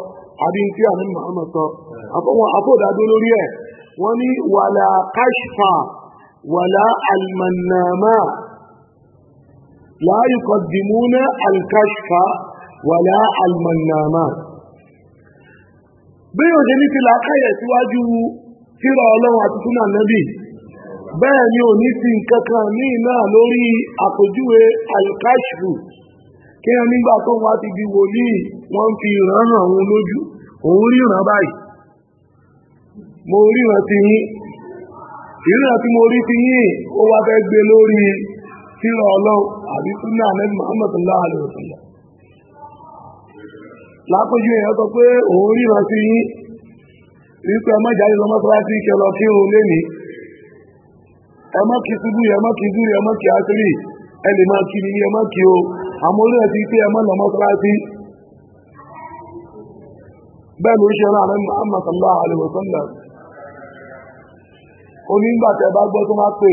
àbí tí àmì Muhammad sọ àfọwọ́n àfọ̀dádó lórí ẹ̀ wọ́n ní wàlà kashfa wàlà almanama لا يقدمون الكشف ولا المنامات bí òṣè ní ti làákàyè síwájú tírà ọlọ́run àti súnà nẹ́bì bẹ́ẹ̀ ni ò ní sí nǹkankan ní iná lórí àpòjúwe alkashfu kí ẹ nígbà tó wá ti di wòlíì wọ́n fi òun lójú òun ríran báyìí mo ríran ti yín tí mo rí ti yín ó wá fẹ́ gbé tíra ọlọ́run àbí súnà ànábì Muhammad sallallahu alaihi wasallam lápójú èèyàn sọ pé òun ríran sí yín wípé ọmọ ìjáde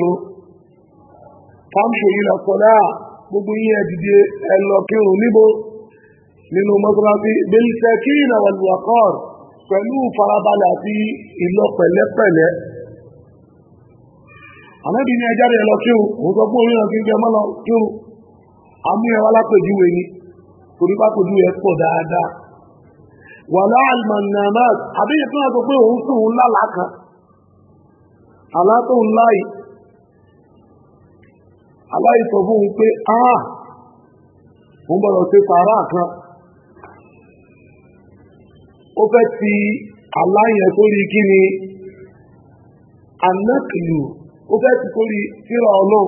lọ o fáńtò yìí lọ a gbogbo ihe ẹ ẹlọkiru ẹ lọ kírun níbo nínú mọ́sálásí bẹ́líṣẹ́ kí ìrànwọ́lùwàkọ́ọ̀rù pẹ̀lú farabalẹ̀ àti ìlọ pẹlẹpẹlẹ àmẹ́bí òun sọ lọ ni torí bá kojú ẹ pọ̀ dáadáa àbí pé òun sùn aláìsọ fún un pé áà ah, ń gbọ́dọ̀ ṣe sàárà kan ó fẹ́ ti aláyẹn sórí kí ni anákìlù ó fẹ́ ti sórí síra ọlọ́run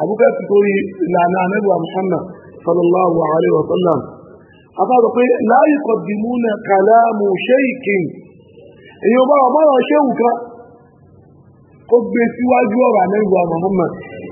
àbúfẹ́ ti sórí ìlànà anábìwà Muhammad sallallahu alayhi wa sallam afáàbọ̀ pé láyé kọ̀dìmú na kàlámù ṣéìkìn èyí ọba ọmọ ọ̀ṣẹ́ nǹkan kó gbé síwájú ọ̀rọ̀ anábìwà Muhammad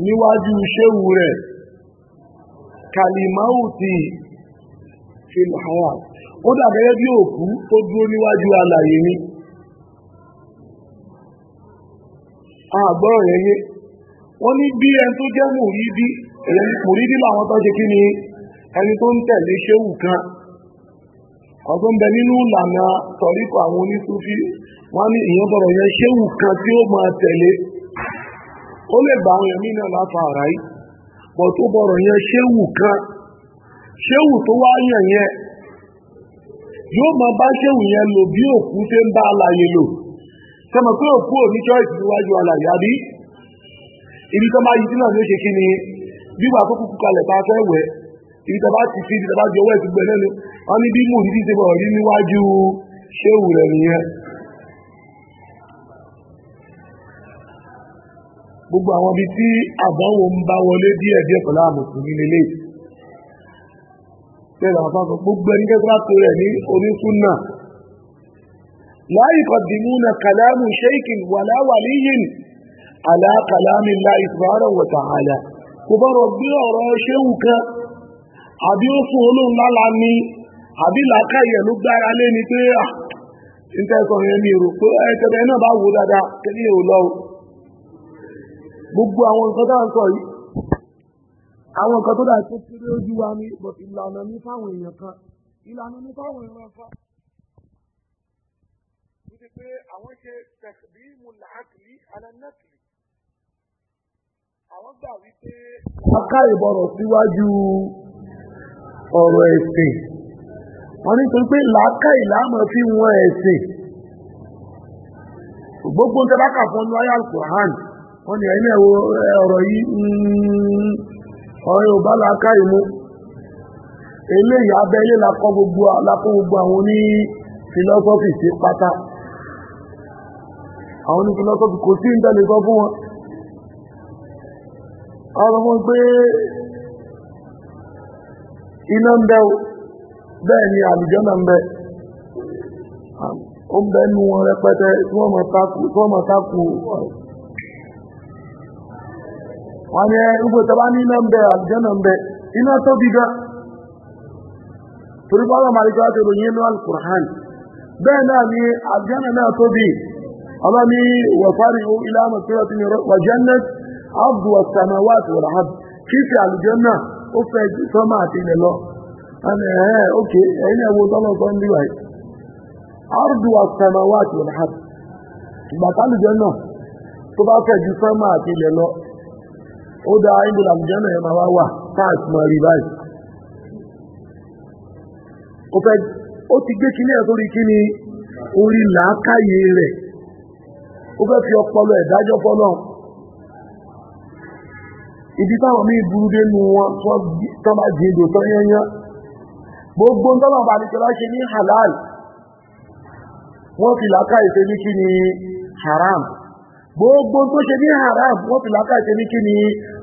níwájú ṣéwù rẹ̀ kalimauti filhawa ó dàbẹ̀rẹ̀ bí òkú tó dúró níwájú alàyè ni àgbọ́rọ̀ ẹyẹ wọ́n ní bí ẹni tó jẹ́ mùrídí mùrídí làwọn tó ṣe kí ni ẹni tó ń tẹ̀lé ṣéwù kan ń bẹ àwọn onísúfí wọ́n ní yẹn ṣéwù kan tí ó máa ó lè ba àwọn ẹ̀mí náà láfa àrá yìí bọ̀ tó bọ̀rọ̀ yẹn ṣéwù kan ṣéwù tó wá yàn yẹn yóò máa bá ṣéwù yẹn lò bí òkú ṣe ń bá alàyè lò sọmọ pé òkú ò ní ṣọ́ọ̀ṣì níwájú alàyè àbí ibi tó bá yí sí náà ló ni ibi tó bá ti ibi tó bá ti gbẹ lẹ́nu wọn bí mò ń ṣe bọ̀ rí gbogbo àwọn ibi tí àbáwò ń bá wọlé díẹ̀ díẹ̀ pẹ̀lú àmùsùnmí lélẹ tẹ́lẹ̀ àwọn afáfọ gbogbo ẹni kẹfà tó rẹ ní onísúnà láyé kọdìmúnà kàlámù ṣéìkì wàláwàlíyìn alákàlámì láì sùbárà wọ̀tà àlà kò bọ́rọ̀ gbé ọ̀rọ̀ ṣéwù kan àbí ó fún olóhùn lálá ni gbogbo àwọn nǹkan tá à ń sọ yìí àwọn nǹkan tó dáa tó kéré ojú wa ni bọ̀ ìlànà ní fáwọn èèyàn kan ìlànà ní fáwọn èèyàn kan. ó ti pé àwọn ṣe tẹ̀síbí mùlàákìlì alánàkìlì àwọn gbà wípé. aká ìbọ̀rọ̀ síwájú ọ̀rọ̀ ẹ̀sìn wọ́n ní pé làákà ìlànà fi wọn ẹ̀sìn gbogbo ń tẹ́lá kà fún ọ́nú ayé àlùkò hàn. wọ́n ní ẹ̀yìn ẹ̀wọ̀ ọ̀rọ̀ yìí mm, ọ̀rọ̀ Yorùbá la ká ìmú eléyìí abẹ́lé la kọ́ gbogbo àwọn oní fìlọ́sọ́fì sí pátá àwọn oní fìlọ́sọ́fì kò sí ń fún wọn àwọn ọmọ pé iná ń bẹ bẹ́ẹ̀ ni àlùjọ́nà ń bẹ ó ń bẹ́ẹ̀ nu wọn rẹpẹtẹ tí wọ́n mọ̀ tákù nwanye igwetaba n'ime mbe aljana mbe ị na-atọbiga torí pé ọlọ́mọ àríkọ́ láti ròyìn inú alukur'an bẹ́ẹ̀ náà ni àjánà náà tóbi ọlọ́ni abdu wasamawa àti wàhab kí ti àlùjánà ó fẹ́ ju sọ́mà wo tọ́lọ́ sọ́ ń bí wáyé abdu ju ó dá ìbò àlùjánà ẹ̀ máa wá wà fáàsì máa rí báyìí ó fẹ́ ó ti gbé kíní ẹ̀ sórí kíní orí làákàyè rẹ̀ ó fẹ́ fi ọpọlọ ẹ̀dájọ́ fọ́nà ibi táwọn míì burú dé nu wọn tán bá jìn ìdò tán yányán gbogbo ń tọ́lọ̀ bá nìkọ́lá ṣe ní halal wọ́n fi làákàyè ṣe ní kíní haram gbogbo tó ṣe ní haram wọ́n fi làákàyè ṣe ní kíní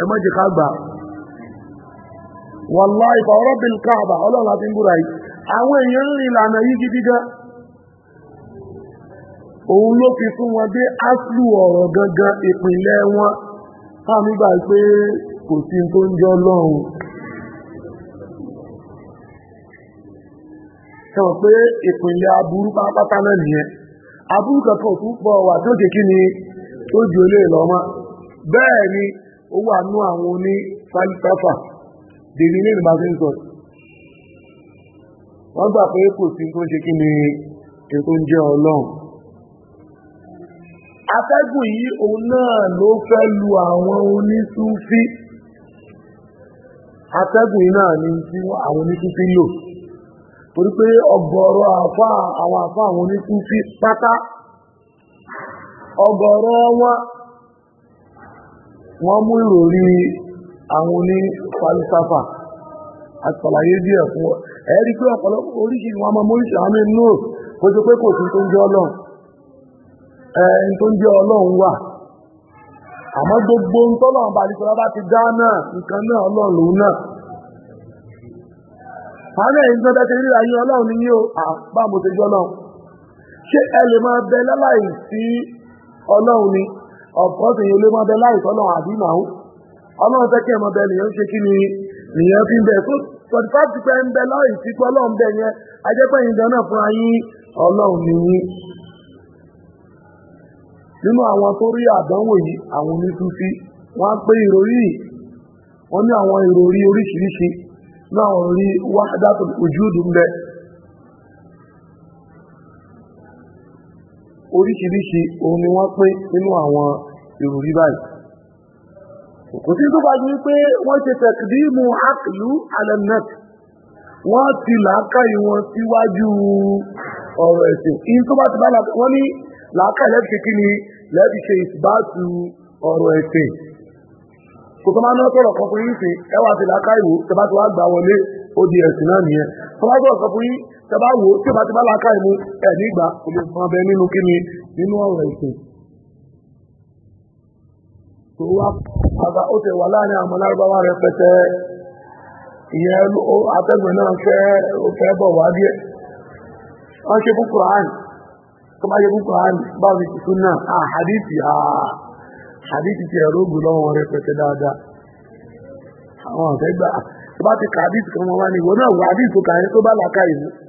ẹ má jẹ́ ká gbà wàláì fa rabbil Kaaba ọlọ́run láti ń búra yìí àwọn èèyàn ń rìn ìlànà fi fún wọn dé áṣù ọ̀rọ̀ gangan ìpínlẹ̀ wọn fáàmì gbà pé kò sí tó ń jọ lọ́hùn sọ pé ìpínlẹ̀ aburú pátápátá náà nìyẹn aburú kankan ò pọ̀ wà tó kékeré ojú olè lọ́mọ bẹ́ẹ̀ ni ó wà nú àwọn oní salitafa dèmi ní ìlú bàtí ń sọ wọ́n gbà pé kò sí tó ṣe kí ni ètò ń jẹ́ ọlọ́run atẹ́gùn yìí òun náà ló fẹ́ lu àwọn onísúfí atẹ́gùn yìí náà ni tí àwọn onísúfí lò torí pé àfá àwọn àfá àwọn wọ́n mú ìròrí àwọn oní falisafa àtàlàyé díẹ̀ fún ọ ẹ̀rí pé ọ̀pọ̀lọpọ̀ oríṣi wọn máa móríṣi àwọn mẹ́rin náà kó tó pé kò sí tó ń jẹ́ ọlọ́run ẹni tó ń jẹ́ ọlọ́run wà àmọ́ gbogbo ń tọ́lọ́run bá nípa bá ti dá náà nǹkan náà ọlọ́run lòun náà àwọn ẹ̀yìn tó dákẹ́ ríra yín ọlọ́run ni yín o àbá mo ṣé ẹ lè máa bẹ láláì sí ọlọ́run ni ọ̀pọ̀sìn yẹn lé mọ́ bẹ láì tọ́lọ̀ àbí màáhùn ọlọ́run fẹ́ mọ́bẹ bẹ nìyẹn ṣe kí ni nìyẹn fi ń bẹ tó tọ́jú ti pẹ́ ń bẹ ọlọ́run yẹn ajẹ́pẹ́ yìí dáná fún ayé ọlọ́run nìyí. nínú àwọn tó rí àdánwò yìí àwọn wọ́n á pé ìròrí wọ́n ní àwọn ìròrí oríṣiríṣi náà rí wáhádà oríṣiríṣi òun ni wọ́n pé nínú àwọn ìròrí báyìí kò sí tó bá ní pé wọ́n ṣe tẹ̀kìdímù àkìlú alẹ́nẹ́t wọ́n ti làákàyè wọn síwájú ọ̀rọ̀ ẹ̀sìn in tó bá ti bá wọ́n ní làákàyè lẹ́bi ṣe kí ni lẹ́bi ṣe ìbátu ọ̀rọ̀ ẹ̀sìn kò tó máa ná sọ̀rọ̀ kan fún yín sí ẹwà ti làákàyè wò tó ti wá gbà wọlé ó di ẹ̀sìn náà nìyẹn tó bá kan fún yín tẹ́bá wò ó tí o bá ti bá la ká ìmú ẹ̀ nígbà kò lè fún abẹ nínú kíni nínú ọ̀rọ̀ ìsìn. tó wá ó wà láàrin àwọn alárúbáwá ìyẹn atẹ́gbẹ̀ẹ́ náà fẹ́ bọ̀ wá wọ́n ṣe fún Quran tó bá ṣe fún Quran tuntun náà à hadithi à hadithi ti ẹ̀rọ ògùn dáadáa. àwọn tó bá ti ka hadithi kan wọn wá ní ìwọ náà wọ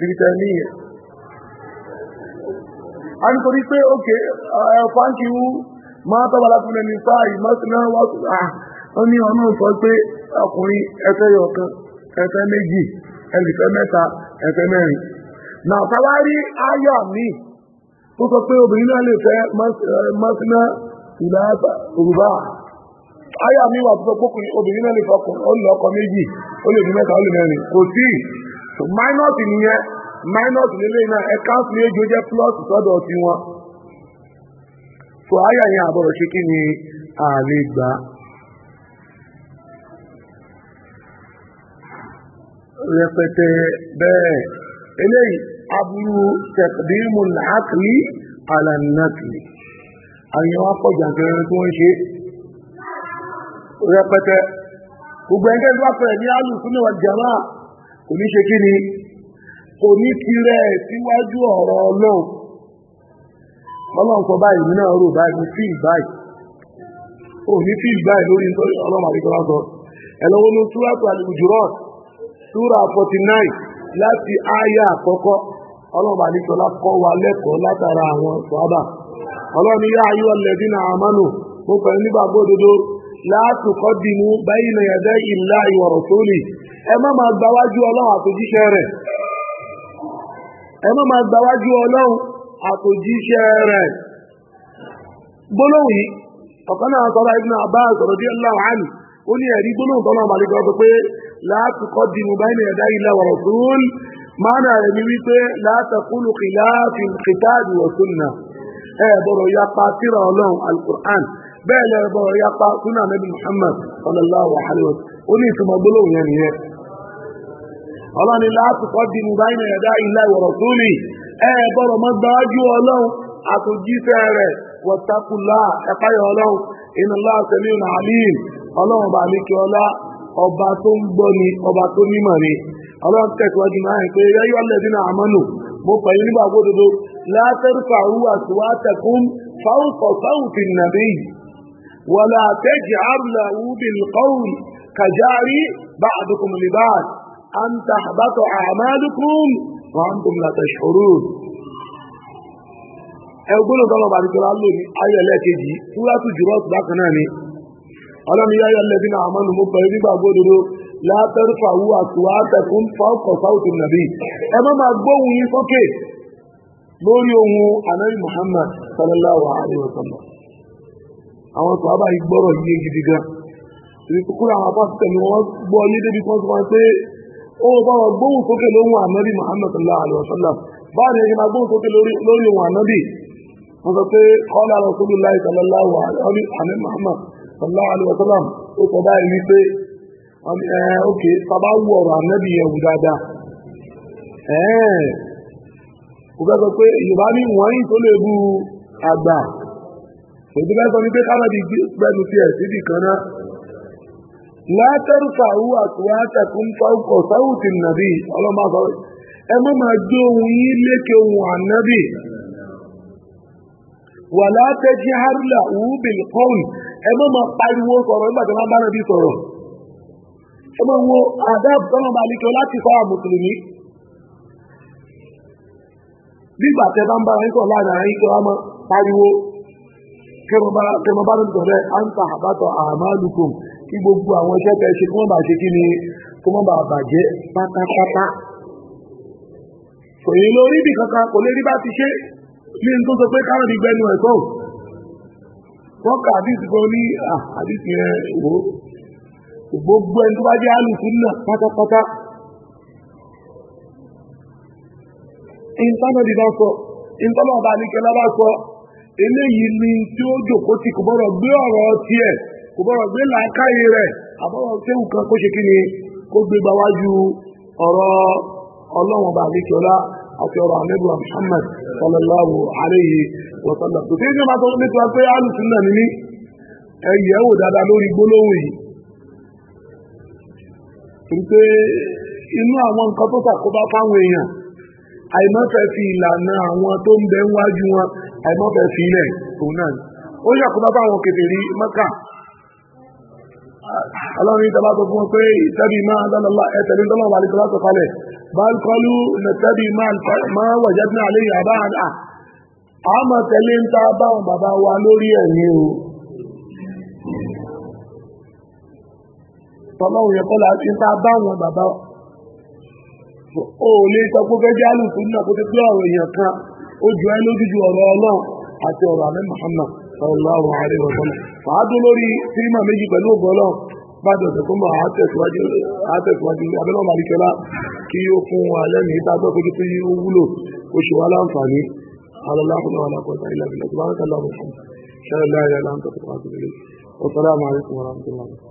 a nítorí pé òkè fáńkì wú máa tọ́ bala fún ẹni sáàyè mọ́sílá wá sí ní ọ̀nà sọ pé ọkùnrin ẹfẹ́ yọ̀kan ẹfẹ́ méjì ẹnìfẹ́ mẹ́ta ẹfẹ́ mẹ́rin. nà sábà rí ayọ̀ mi tó sọ pé obìnrin náà lè fẹ́ mọ́sílá eh, ìlà òrùbá ayọ̀ mi wà tó minus nìyẹn minus nílé náà ẹ káàsì ní ejò jẹ́ plus sọdọ ti wọn. tó yẹn àbọ̀rọ̀ ṣe kí ni ààrẹ gbà. rẹpẹtẹ bẹ́ẹ̀ eléyìí aburú tẹkdímù làákìlì alànàkìlì àyẹ̀wò apọ̀jà kẹrin tí wọ́n ṣe rẹpẹtẹ gbogbo ẹgbẹ́ ìlú àpẹẹrẹ kò ní ṣe kí ni kò ní tirẹ̀ síwájú ọ̀rọ̀ ọlọ́run ọlọ́run báyìí nínú ọ̀rọ̀ báyìí sí ìbáyìí ò ní sí ìbáyìí lórí nítorí ọlọ́run àdìgbọ́lá 49 ẹ̀lọ́wọ́ aya súra tó al-Hujurat 49 láti àyà àkọ́kọ́ ọlọ́run àdìgbọ́lá kọ́ wa lẹ́kọ̀ọ́ látara àwọn sọ́ábà ọlọ́run yá ayé alladhina amanu mo pẹ̀lú nígbàgbọ́ ẹ má máa gbáwájú ọlọ́run àtòjíṣẹ́ rẹ̀ ẹ má máa gbáwájú ọlọ́run àtòjíṣẹ́ rẹ̀ gbólóhùn yìí ọ̀kan náà sọ́ra ibùdó àbá sọ̀rọ̀ díẹ̀ láwọn àmì ó ní ẹ̀rí gbólóhùn tọ́lọ́ màlíkà ọ̀sọ̀ pé látùkọ́ dìmú báyìí ẹ̀dá ilẹ̀ wọ̀rọ̀ tún mánà rẹ̀ ní wípé látàkúlù kìlá fi kìtà ìwọ̀sùn náà ẹ̀ bọ̀rọ̀ yapa tírà ọlọ́run alukur'an bẹ́ẹ̀ lẹ́rọ̀ bọ̀rọ̀ yapa sunnah nabi muhammad sallallahu alaihi wasallam ó ní ìtumọ̀ gbólóhùn yẹn nìyẹn ọlọ́ni láti kọ́ di mú báyìí ẹ̀dá ilẹ̀ ìwọ̀rọ̀ tó lè ẹ gbọ́dọ̀ mọ́ dájú ọlọ́run àtòjíṣẹ́ rẹ̀ wọ̀tàkùlá ẹ̀páyọ̀ ọlọ́run inú láàṣẹlú nàálìm ọlọ́run bá mi kí ọlá ọba tó ń gbọ́ ni ọba tó nímọ̀ ni ọlọ́run tẹ̀síwájú náà pé yẹ́yọ́ lẹ́dínà àmọ́nù mo pẹ̀lú nígbà gbódodo látẹ́rùkọ̀ àrùwà tí wàá tẹ̀kún fáwùkọ̀ أن تحبط أعمالكم وأنتم لا تشعرون ẹgbọ́n ọ̀dọ́lọ̀ bá dìkọ́ lálò ní ayẹ̀lẹ́kejì túrátù jùlọ ọ̀tù bákan náà ni ọlọ́run yá ayẹ̀lẹ́ bí náà àmọ́nu mú pẹ̀lú nígbà gbódodo látẹ́rùfà wú àtúwà àtẹ̀kùn fọ́ọ̀kọ̀ sáwùtù nàbí ẹ má máa gbóhùn yín sókè lórí ohun anabi muhammad sallallahu alayhi wa sallam àwọn sọ̀rọ̀ báyìí gbọ́rọ̀ yíye gidi gan ìrìkúkúrò àwọn apá ó bá wọn gbóhùn sókè lóhùn ànábì Muhammad sallallahu alaihi wasallam báwo ni ìgbà gbóhùn sókè lórí ohun ànábì wọ́n sọ pé kọ́lá Rasulullahi sallallahu alaihi Muhammad sallallahu alaihi wasallam ó sọ báyìí wípé ok bàbá wù ọ̀rọ̀ ànábì yẹn wù dáadáa kò fẹ́ sọ pé yorùbá ní wọ́nyí tó lè bu àgbà òdìbẹ́sọ ní pé kánábì gbẹnu tiẹ̀ síbì kan náà لا ترفعوا أصواتكم فوق صوت النبي الله ما صوت أما ما جوي لك النبي ولا تجهر له بالقول أما ما قالوا صروا أما ما بنا بي صروا أما هو آداب كما مالك ولا تفاع مسلمي nígbà tẹ bá ń bára ń sọ bá ń à ń ta àbátọ àmàlùkùn kí gbogbo àwọn iṣẹ́ tẹ́ ṣe kí wọ́n bá ṣe kí ni kó má bàa bàjẹ́ pátápátá kò yẹ lórí ibì kankan kò lè rí bá ti ṣe ní n tó sọ pé káwọn ní gbẹnu ẹ̀ tó wọ́n kà àdìsí kan ní àdìsí yẹn wò gbogbo ẹni tó bá jẹ́ alùpùpù náà pátápátá ìntánẹ́ẹ̀tì náà sọ ìntánẹ́ẹ̀tì náà bá ní kẹlẹ́ bá sọ eléyìí ni tí ó jòkó ti kò gbọ́dọ̀ gbé ọ̀rọ̀ tiẹ̀ kò bọ́rọ̀ gbé làákàyè rẹ̀ àbọ̀rọ̀ tẹ́wù kan kó ṣe kí ni kó gbé gbáwájú ọ̀rọ̀ ọlọ́run bá àlejò ọlá àti ọ̀rọ̀ àlẹ́bùrà Muhammad sallallahu alayhi wa sallam tó kéjì máa tọ́jú pé alùsùn náà ní wò dáadáa lórí gbólóhùn yìí torí pé inú àwọn nǹkan tó ṣàkóbá fáwọn èèyàn àìmọ́fẹ́ fi ìlànà àwọn tó ń fi ilẹ̀ náà ó fáwọn ọlọ́run yìí tọ́lá sọ fún wọn pé ìtẹ́bí máa lọ́lọ́lá ẹ̀tẹ̀lé tọ́lọ́wà lè tọ́lá sọ kalẹ̀ báàlùkọ́lù nẹ̀tẹ́bí máa wọ̀jẹ́ ní alẹ́ yàbá àdá àmọ́ tẹ̀lé ń ta báwọn bàbá wa lórí ẹ̀mí o tọ́lọ́run yẹ kọ́lá ń ta báwọn bàbá o lè sọ pé fẹ́ jálù náà kó tó pé ọ̀rọ̀ èèyàn kan ó ju ẹ́ lójú ọ̀rọ̀ ọlọ́run àti ọ̀rọ̀ àmì Muhammad sallallahu alaihi wa sallam màá dún lórí sírímà méjì pẹ̀lú ògbọ́lọ́ bá dọ̀sẹ̀ tó mọ̀ àátẹ̀síwájú abẹ́lẹ́ ọmọ àríkẹ́lá kí ó fún alẹ́ ní ìta gbọ́ pé kí ó wúlò oṣù wa láǹfààní